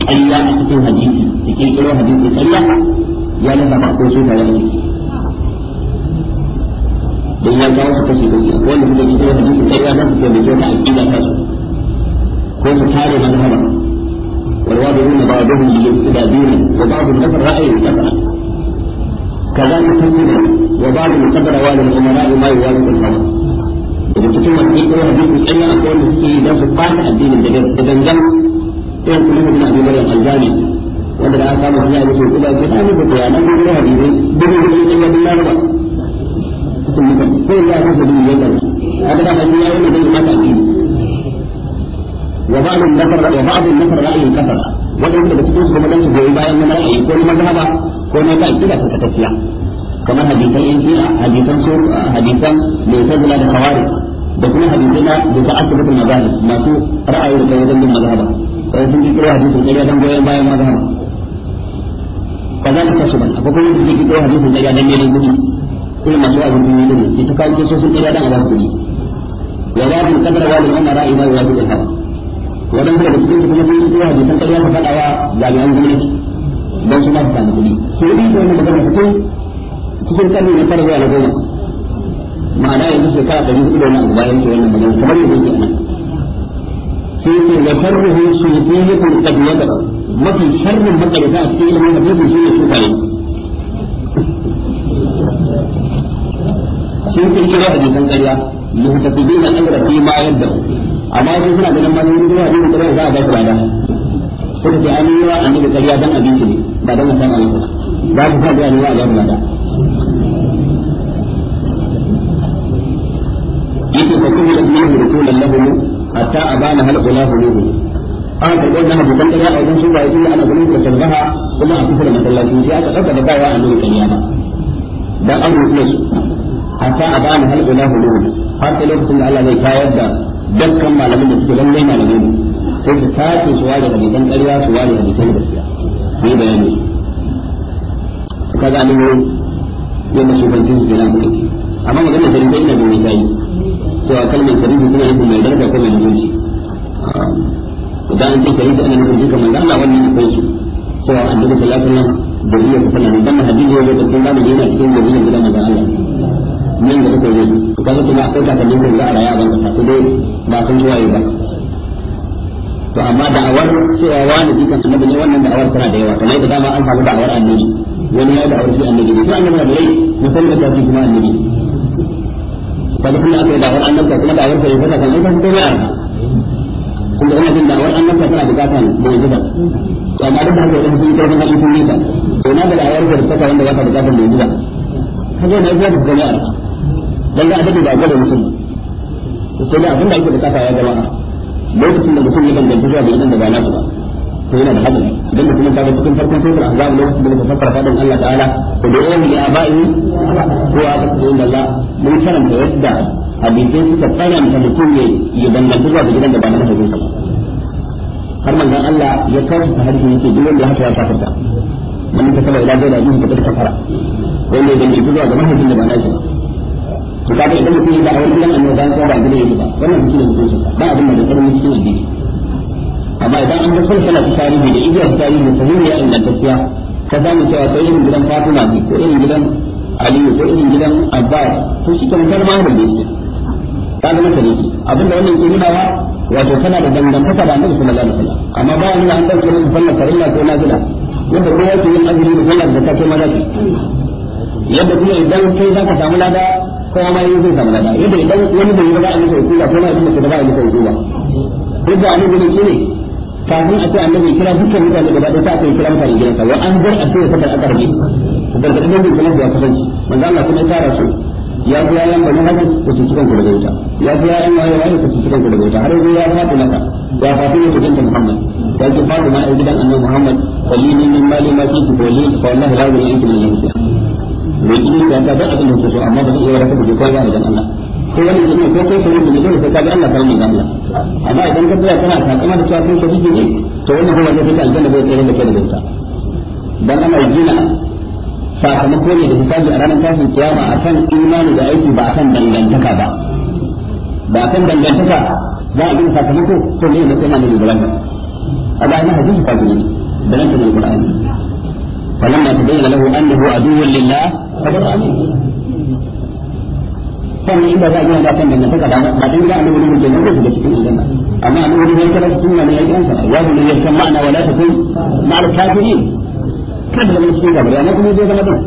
ƙarya a cikin hadisi cikin ƙiro hadisi ƙarya ya nuna ko su fara ciki don ya kawo su kashe kashe akwai wanda suka ji kawai hadisi kai ya za su taimake ta aƙida ta su ko su kare mazhaba والواضعون بعضهم للإبادين وبعضهم نفر رأيه نفرا كذلك تنزل وبعض قدر والي wani ما يوافق الهوى idan mutum wanda ya kawo hadisin tsanya akwai wanda suke yi don su fata addinin da dangan irin su nufin na abin aljami wanda da aka samu hanya da su kuma ya ce ta nufin bayanan gudunar hadisai gudun gudun tsanya bin laraba cikin mutane ko ya ya haka da yayi da mata wa ba'dun nafar wa ba'dun nafar ra'ayin kafara wadanda daga cikin su kuma dan su goyi bayan na ra'ayi ko na mazhaba ko na ta kida ta tafiya kamar hadisan hadisan hadisan da da da kuma hadisai da ta masu ra'ayi da wajen mazhaba sun dan bayan mazhaba ba za ka akwai kuma da suke dan irin masu wa'azin duniya ne ke ta kawo kisosin ƙarya dan a ba su kuɗi wa ba su kadar wa da umara ina wa su ɗin hawa waɗanda daga cikin kuma sun yi zuwa hadisan ƙarya su faɗa wa jami'an gwamnati don su ma su samu kuɗi su yi da wannan magana cikin cikin ƙarni na fara zuwa na ma'ana yanzu shekara ɗari hudu da wani bayan ke wannan magana kamar yadda yake nan sai ce wa sharruhu sufiyatun qad yadra mafi sharrin makarata a cikin ilimin hadisi shine sufiyatun sun kirkiro hadisan ƙarya muhtasibin na ɗaura fi ma yadda amma sun suna ganin ma sun kirkiro hadisan da za a ba su rada suka ce an yi wa annabi ƙarya dan abinci ne ba dan a samu ba za su sa biya ne wa a ba su rada yake ko kuma da mun rubuta lallahu hatta abana hal qulahu an karɓi wannan abokan ƙarya a wajen sunaye tun ana ganin da sarbaha kuma a kusa da masallaci sai aka ɗauka da bawa a nuna ƙarya ba dan an rufe su hatta a bani hal na hulu har ta lokacin da Allah zai tayar da dukkan malamin da suke lallai malamai ne sai su tace su ware da hadisan ƙarya su ware da hadisan gaskiya sai bayani kaga annabi yana shugabancin su kenan muke amma magana da rinka ina da wani tayi cewa kalmar sarrafa suna nufin mai daraja ko mai mutunci idan an ce sarrafa ana nufin duka manzo Allah wannan ne kai su cewa annabi sallallahu alaihi da yake fara dan hadisi ne da kuma da yana cikin da yake da Allah nan da kuka yi to kaga kuma akwai kakannin da za a raya ban kasa dai ba sun zuwa ba to amma da'awar cewa wani bi jikan annabi ne wannan da'awar tana da yawa kamar da dama an samu da'awar annabi wani ya da'awar shi annabi ne kuma annabi ne musamman da kuma annabi ba da kuma akai da'awar annabi kuma da'awar sai kuma kan nan da ya kun da wannan da'awar annabi tana bukatar mu'jiza to amma duk da haka idan sun karɓi hadisi ne ba to na da da'awar da ta wanda ya bukatar mu'jiza kaje na zuwa da jama'a dan ga adabi ba gwada mutum ba sai da abin da ake bukata ya jama'a lokacin da mutum ya danganta zuwa ga idan da ba nasu ba to yana da hadari idan mutum ya cikin farkon sai da azabu lokacin da muka fassara fadin Allah ta'ala to da yawan ya ba'i ko a cikin Allah mun karanta yadda abincin suka tsananta mutum ne ya danganta zuwa ga gidan da ba na mahaifinsa ba har manzon Allah ya kawo ta harshen yake duk wanda haka ya kafarta wani ta saba ila gaira yin ta kafara wanda ya danganci zuwa ga mahaifin da ba na shi ba to kaga idan mutum da aure gidan annabi dan ba gidan yake ba wannan shi ne hukuncin sa ba abin da ke cikin cikin addini amma idan an ga sun a tarihi da igiyar tarihi ta huriya ingantacciya ka zamu cewa ko irin gidan Fatima ne ko irin gidan Aliyu ko irin gidan Abbas ko shi kan kalma da yake ka ga mutane abin da wannan ke nunawa wato tana da dangantaka da annabi sallallahu alaihi wasallam amma ba an an dauke mun fannin farilla ko nazila yadda kowa ke yin azumi da sallar da ta kai madadi yadda kuma idan kai zaka samu lada kowa yin zai samu lada yadda idan wani bai yi ba za a masa hukuma ko ma mutum ba a masa hukuma duk da annabi ne shine kafin a ce annabi kira dukkan mutane gaba ɗaya sai kira mutane gidansa wa an bar a cewa fakar akarbi gargaɗin da kuma da kusanci manzo Allah kuma ya tara su ya ga yayan bani hakan ko su cikin ku daga wuta ya ga yayan waye waye ko su cikin ku daga wuta har ya fadi maka ya fadi ne cikin Muhammad dan ki fadi ma gidan annabi Muhammad walini min mali ma fi kulli fa wallahi la ilaha illa anta mai yi ka ga ba abin da ke so amma ba zai iya wadatar da ke kwana Allah ko wani da ne ko kai sai da dole sai ka ga Allah karamin da Allah amma idan ka tsaya kana takama da cewa kai shahidi ne to wannan kuma zai fita aljanna bai tsere da kai da dinka dan ana gina sakamako ne da hisabi a ranar tashin kiyama akan imani da aiki ba akan dangantaka ba ba akan dangantaka za a gina sakamako ko ne da na da ibrahim a bayan hadisi fa gudu da nan ta da alqur'ani فلما تبين له انه عدو لله kaga ba ne inda za a iya dakan da nafaka da ba dan gida annabi ne a zai da cikin aljanna amma annabi ne kana cikin wani ya yi ansa ya bu ne ya a ma'ana wala ta kun ma'al kafirin kada da cikin gaba ne kuma zai zama din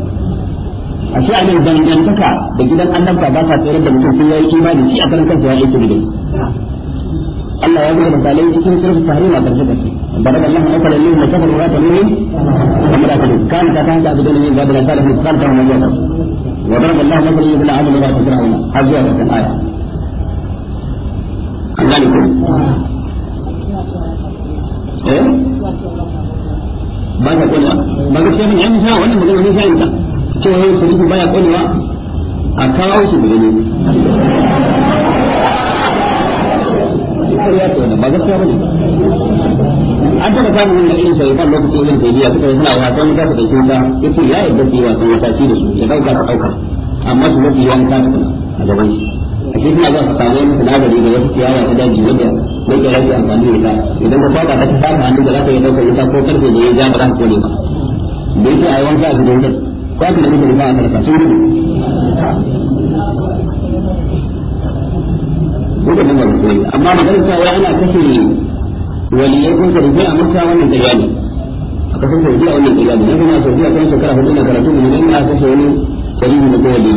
ashe a nan dangantaka da gidan annabta ba ta tsere da mutum sai ya yi imani shi a karan kansa ya yi kiri Allah ya buga misalai cikin surfa tahrim a karshe karshe ضرب الله مثلا للذين كفروا امرأة نوح وامرأة لوط كانت تحت عبدين من باب لا صالح فقالتهم وجوههم وضرب الله مثلا للذين عملوا امرأة فرعون أزواجا في الآية ذلك إيه؟ ba ta kolewa ba gaskiya bane an sa wannan magana ne sai ta cewa yau sadiku baya kolewa a kawo shi daga ne ba gaskiya bane an taɓa samun wani irin shaitan lokacin irin tailiya suka yi suna wasa wuta su ɗauki wuta ya ce ya yarda su yi wasan wuta da su ya ɗauka su ɗauka amma su mafi yawan ta tukuna a gaban shi a shi suna za su samu wani sinadari da wata ciyawa ta daji wadda yake rafi amfani da ita idan ka faɗa ta ta hannu da za ka yi ɗaukar wuta ko karfe da ya ja ba za ka kone ba da yake a yawan sa a gidan wutar ko aka da nufin a karfa sun gudu gudu ne ba amma maganar cewa ana kashe waliyai kun ka rubuta amurka wannan ƙarya a kasar saudiya wannan ƙarya ne yanzu na saudiya kan shekara hudu na karatu mu ne a kashe wani dalili na kowane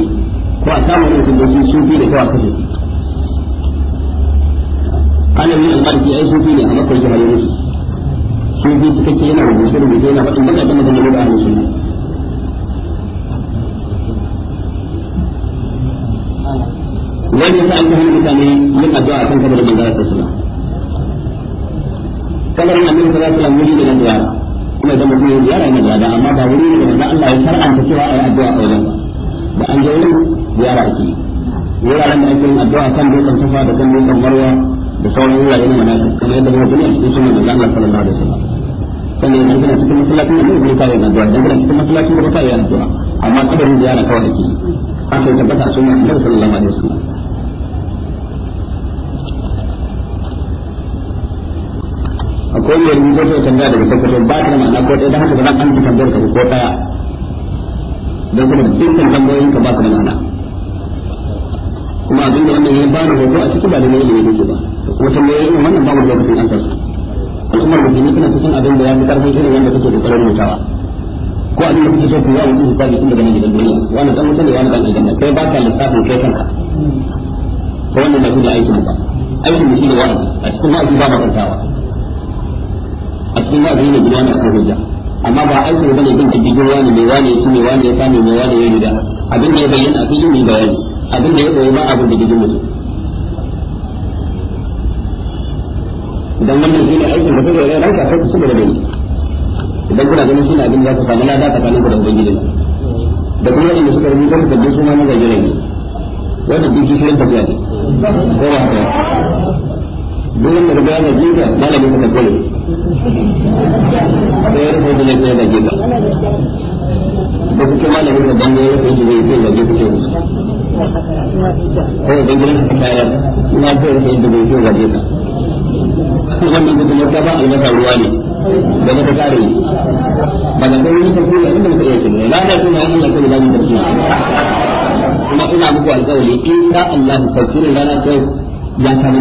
ko a samu wani sun dosi da ko a ana yi albarki ai su fi ne a makon jihar yanzu su fi yana rubuce rubuce yana faɗin baka da magana da ahlus sunna wani ya sa an mutane yin addu'a kan kabarin manzara sallallahu kabarin annabi sallallahu alaihi wasallam wuri ne na ziyara kuma da mutum ya ziyara yana ziyara amma ba wuri ne da manzon Allah ya wa cewa ayi addu'a a wajen ba an je ziyara ake wuraren da ake yin addu'a kan dutsen safa da kan dutsen marwa da sauran wurare na manaka kamar yadda muka gani a cikin sunan manzon Allah sallallahu alaihi wasallam sannan cikin masallacin da mutum yi addu'a dan kana cikin masallacin da ka yi addu'a amma kabarin ziyara kawai ake haka aka tabbata sunan Allah sallallahu alaihi wasallam ko ya rubuta ta tambaya daga sakwato ba ta ma'ana ko ɗaya da haka ba zan an tambayar ka ko ɗaya don kuma dukkan tambayoyin ka ba ka ma'ana kuma abin da wannan ya ba da hoto a ciki ba da ne ilimi ba kuma tambayoyin wannan babu lokacin an sarsa al'ummar musulmi suna cikin abin da ya fi karfin shirin wanda kuke kokarin rubutawa ko abin da kuke so ku yawo ku hisabi tun daga nan gidan duniya wani dan mutane wani dan aljanna kai ba ka lissafin kai kanka ko wannan na kuma aikin ba aikin da shi da wani a cikin ma'aikata ba ma a cikin wa'azi ne guda na kan hujja amma ba aikin bane bin diddigin wani mai wani ya mai wani ya sami mai wani ya rida abin da ya bayyana a cikin mai bayani abin da ya koyi ba abin diddigin mutum idan wannan shi ne aikin da kuka yi ranka sai ku ci gaba da yi idan kuna ganin shi ne abin da ku samu lada tsakanin ku da ubangiji da kuma waɗanda suka rubuta su sabbin suna na zage rage wanda duki shi shirin tafiya ne ko ba haka duk wanda da bayan da jinka malamin ka kole da ya rufe da lafiya da gefa da kuke malamin da bango ya rufe da da ce ko da gidan ka na da da kuma ruwa ne da kare ba da inda na da kuma Allah ko da kuma ina muku alƙawari in sha Allah tafsirin rana ta ya ne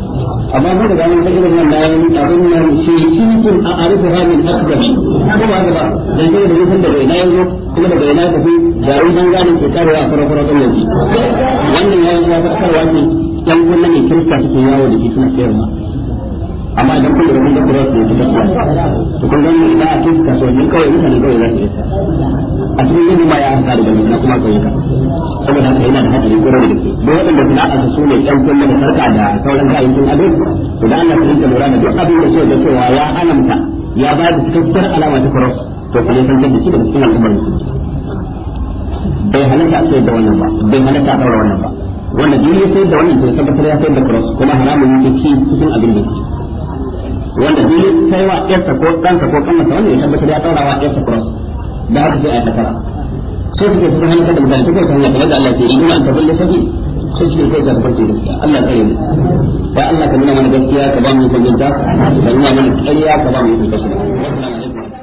amma mu da ganin sai irin wannan abin nan shi kun a arifu hamin akbari ko ba da ba dan dai da mutum da bai na yanzu kuma da bai na tafi jaru dan ganin ke karewa a farafara din yanzu wannan yayin ya fakarwa ne dan wannan ne kirista suke yawo da kitna sayarwa amma idan kun da kun da kurar su ne kusa to kun gani idan a cikin kasuwannin kawai mutane kawai za su yi a cikin yin ma ya hasa da gani na kuma kauyuka saboda haka yana da hadari kurar da ke don waɗanda suna a su ne ɗan kullum da sarka da sauran kayayyakin ado to da Allah sun lura da duk abin da shi da cewa ya alamta ya ba da cikakkiyar alama ta kurar to ne san da shi da cikin al'ummar musulmi bai halatta a sayar da wannan ba bai halatta a ɗaura wannan ba wanda duniya ya sayar da wannan ke ya tabbatar ya sayar da kurar kuma haramun yake ci cikin abin da ke wanda zai kai wa yarsa ko ɗansa ko kansa wanda ya tabbatar ya daura wa yarsa cross da haka sai a kasara so suke su hana kada mutane ta kai hanya kamar da Allah ke yi ina an tabbata sabi so suke kai ta da gaskiya Allah kare mu ba Allah ka nuna mana gaskiya ka ba mu hujja ka nuna mana ƙarya ka ba mu hujja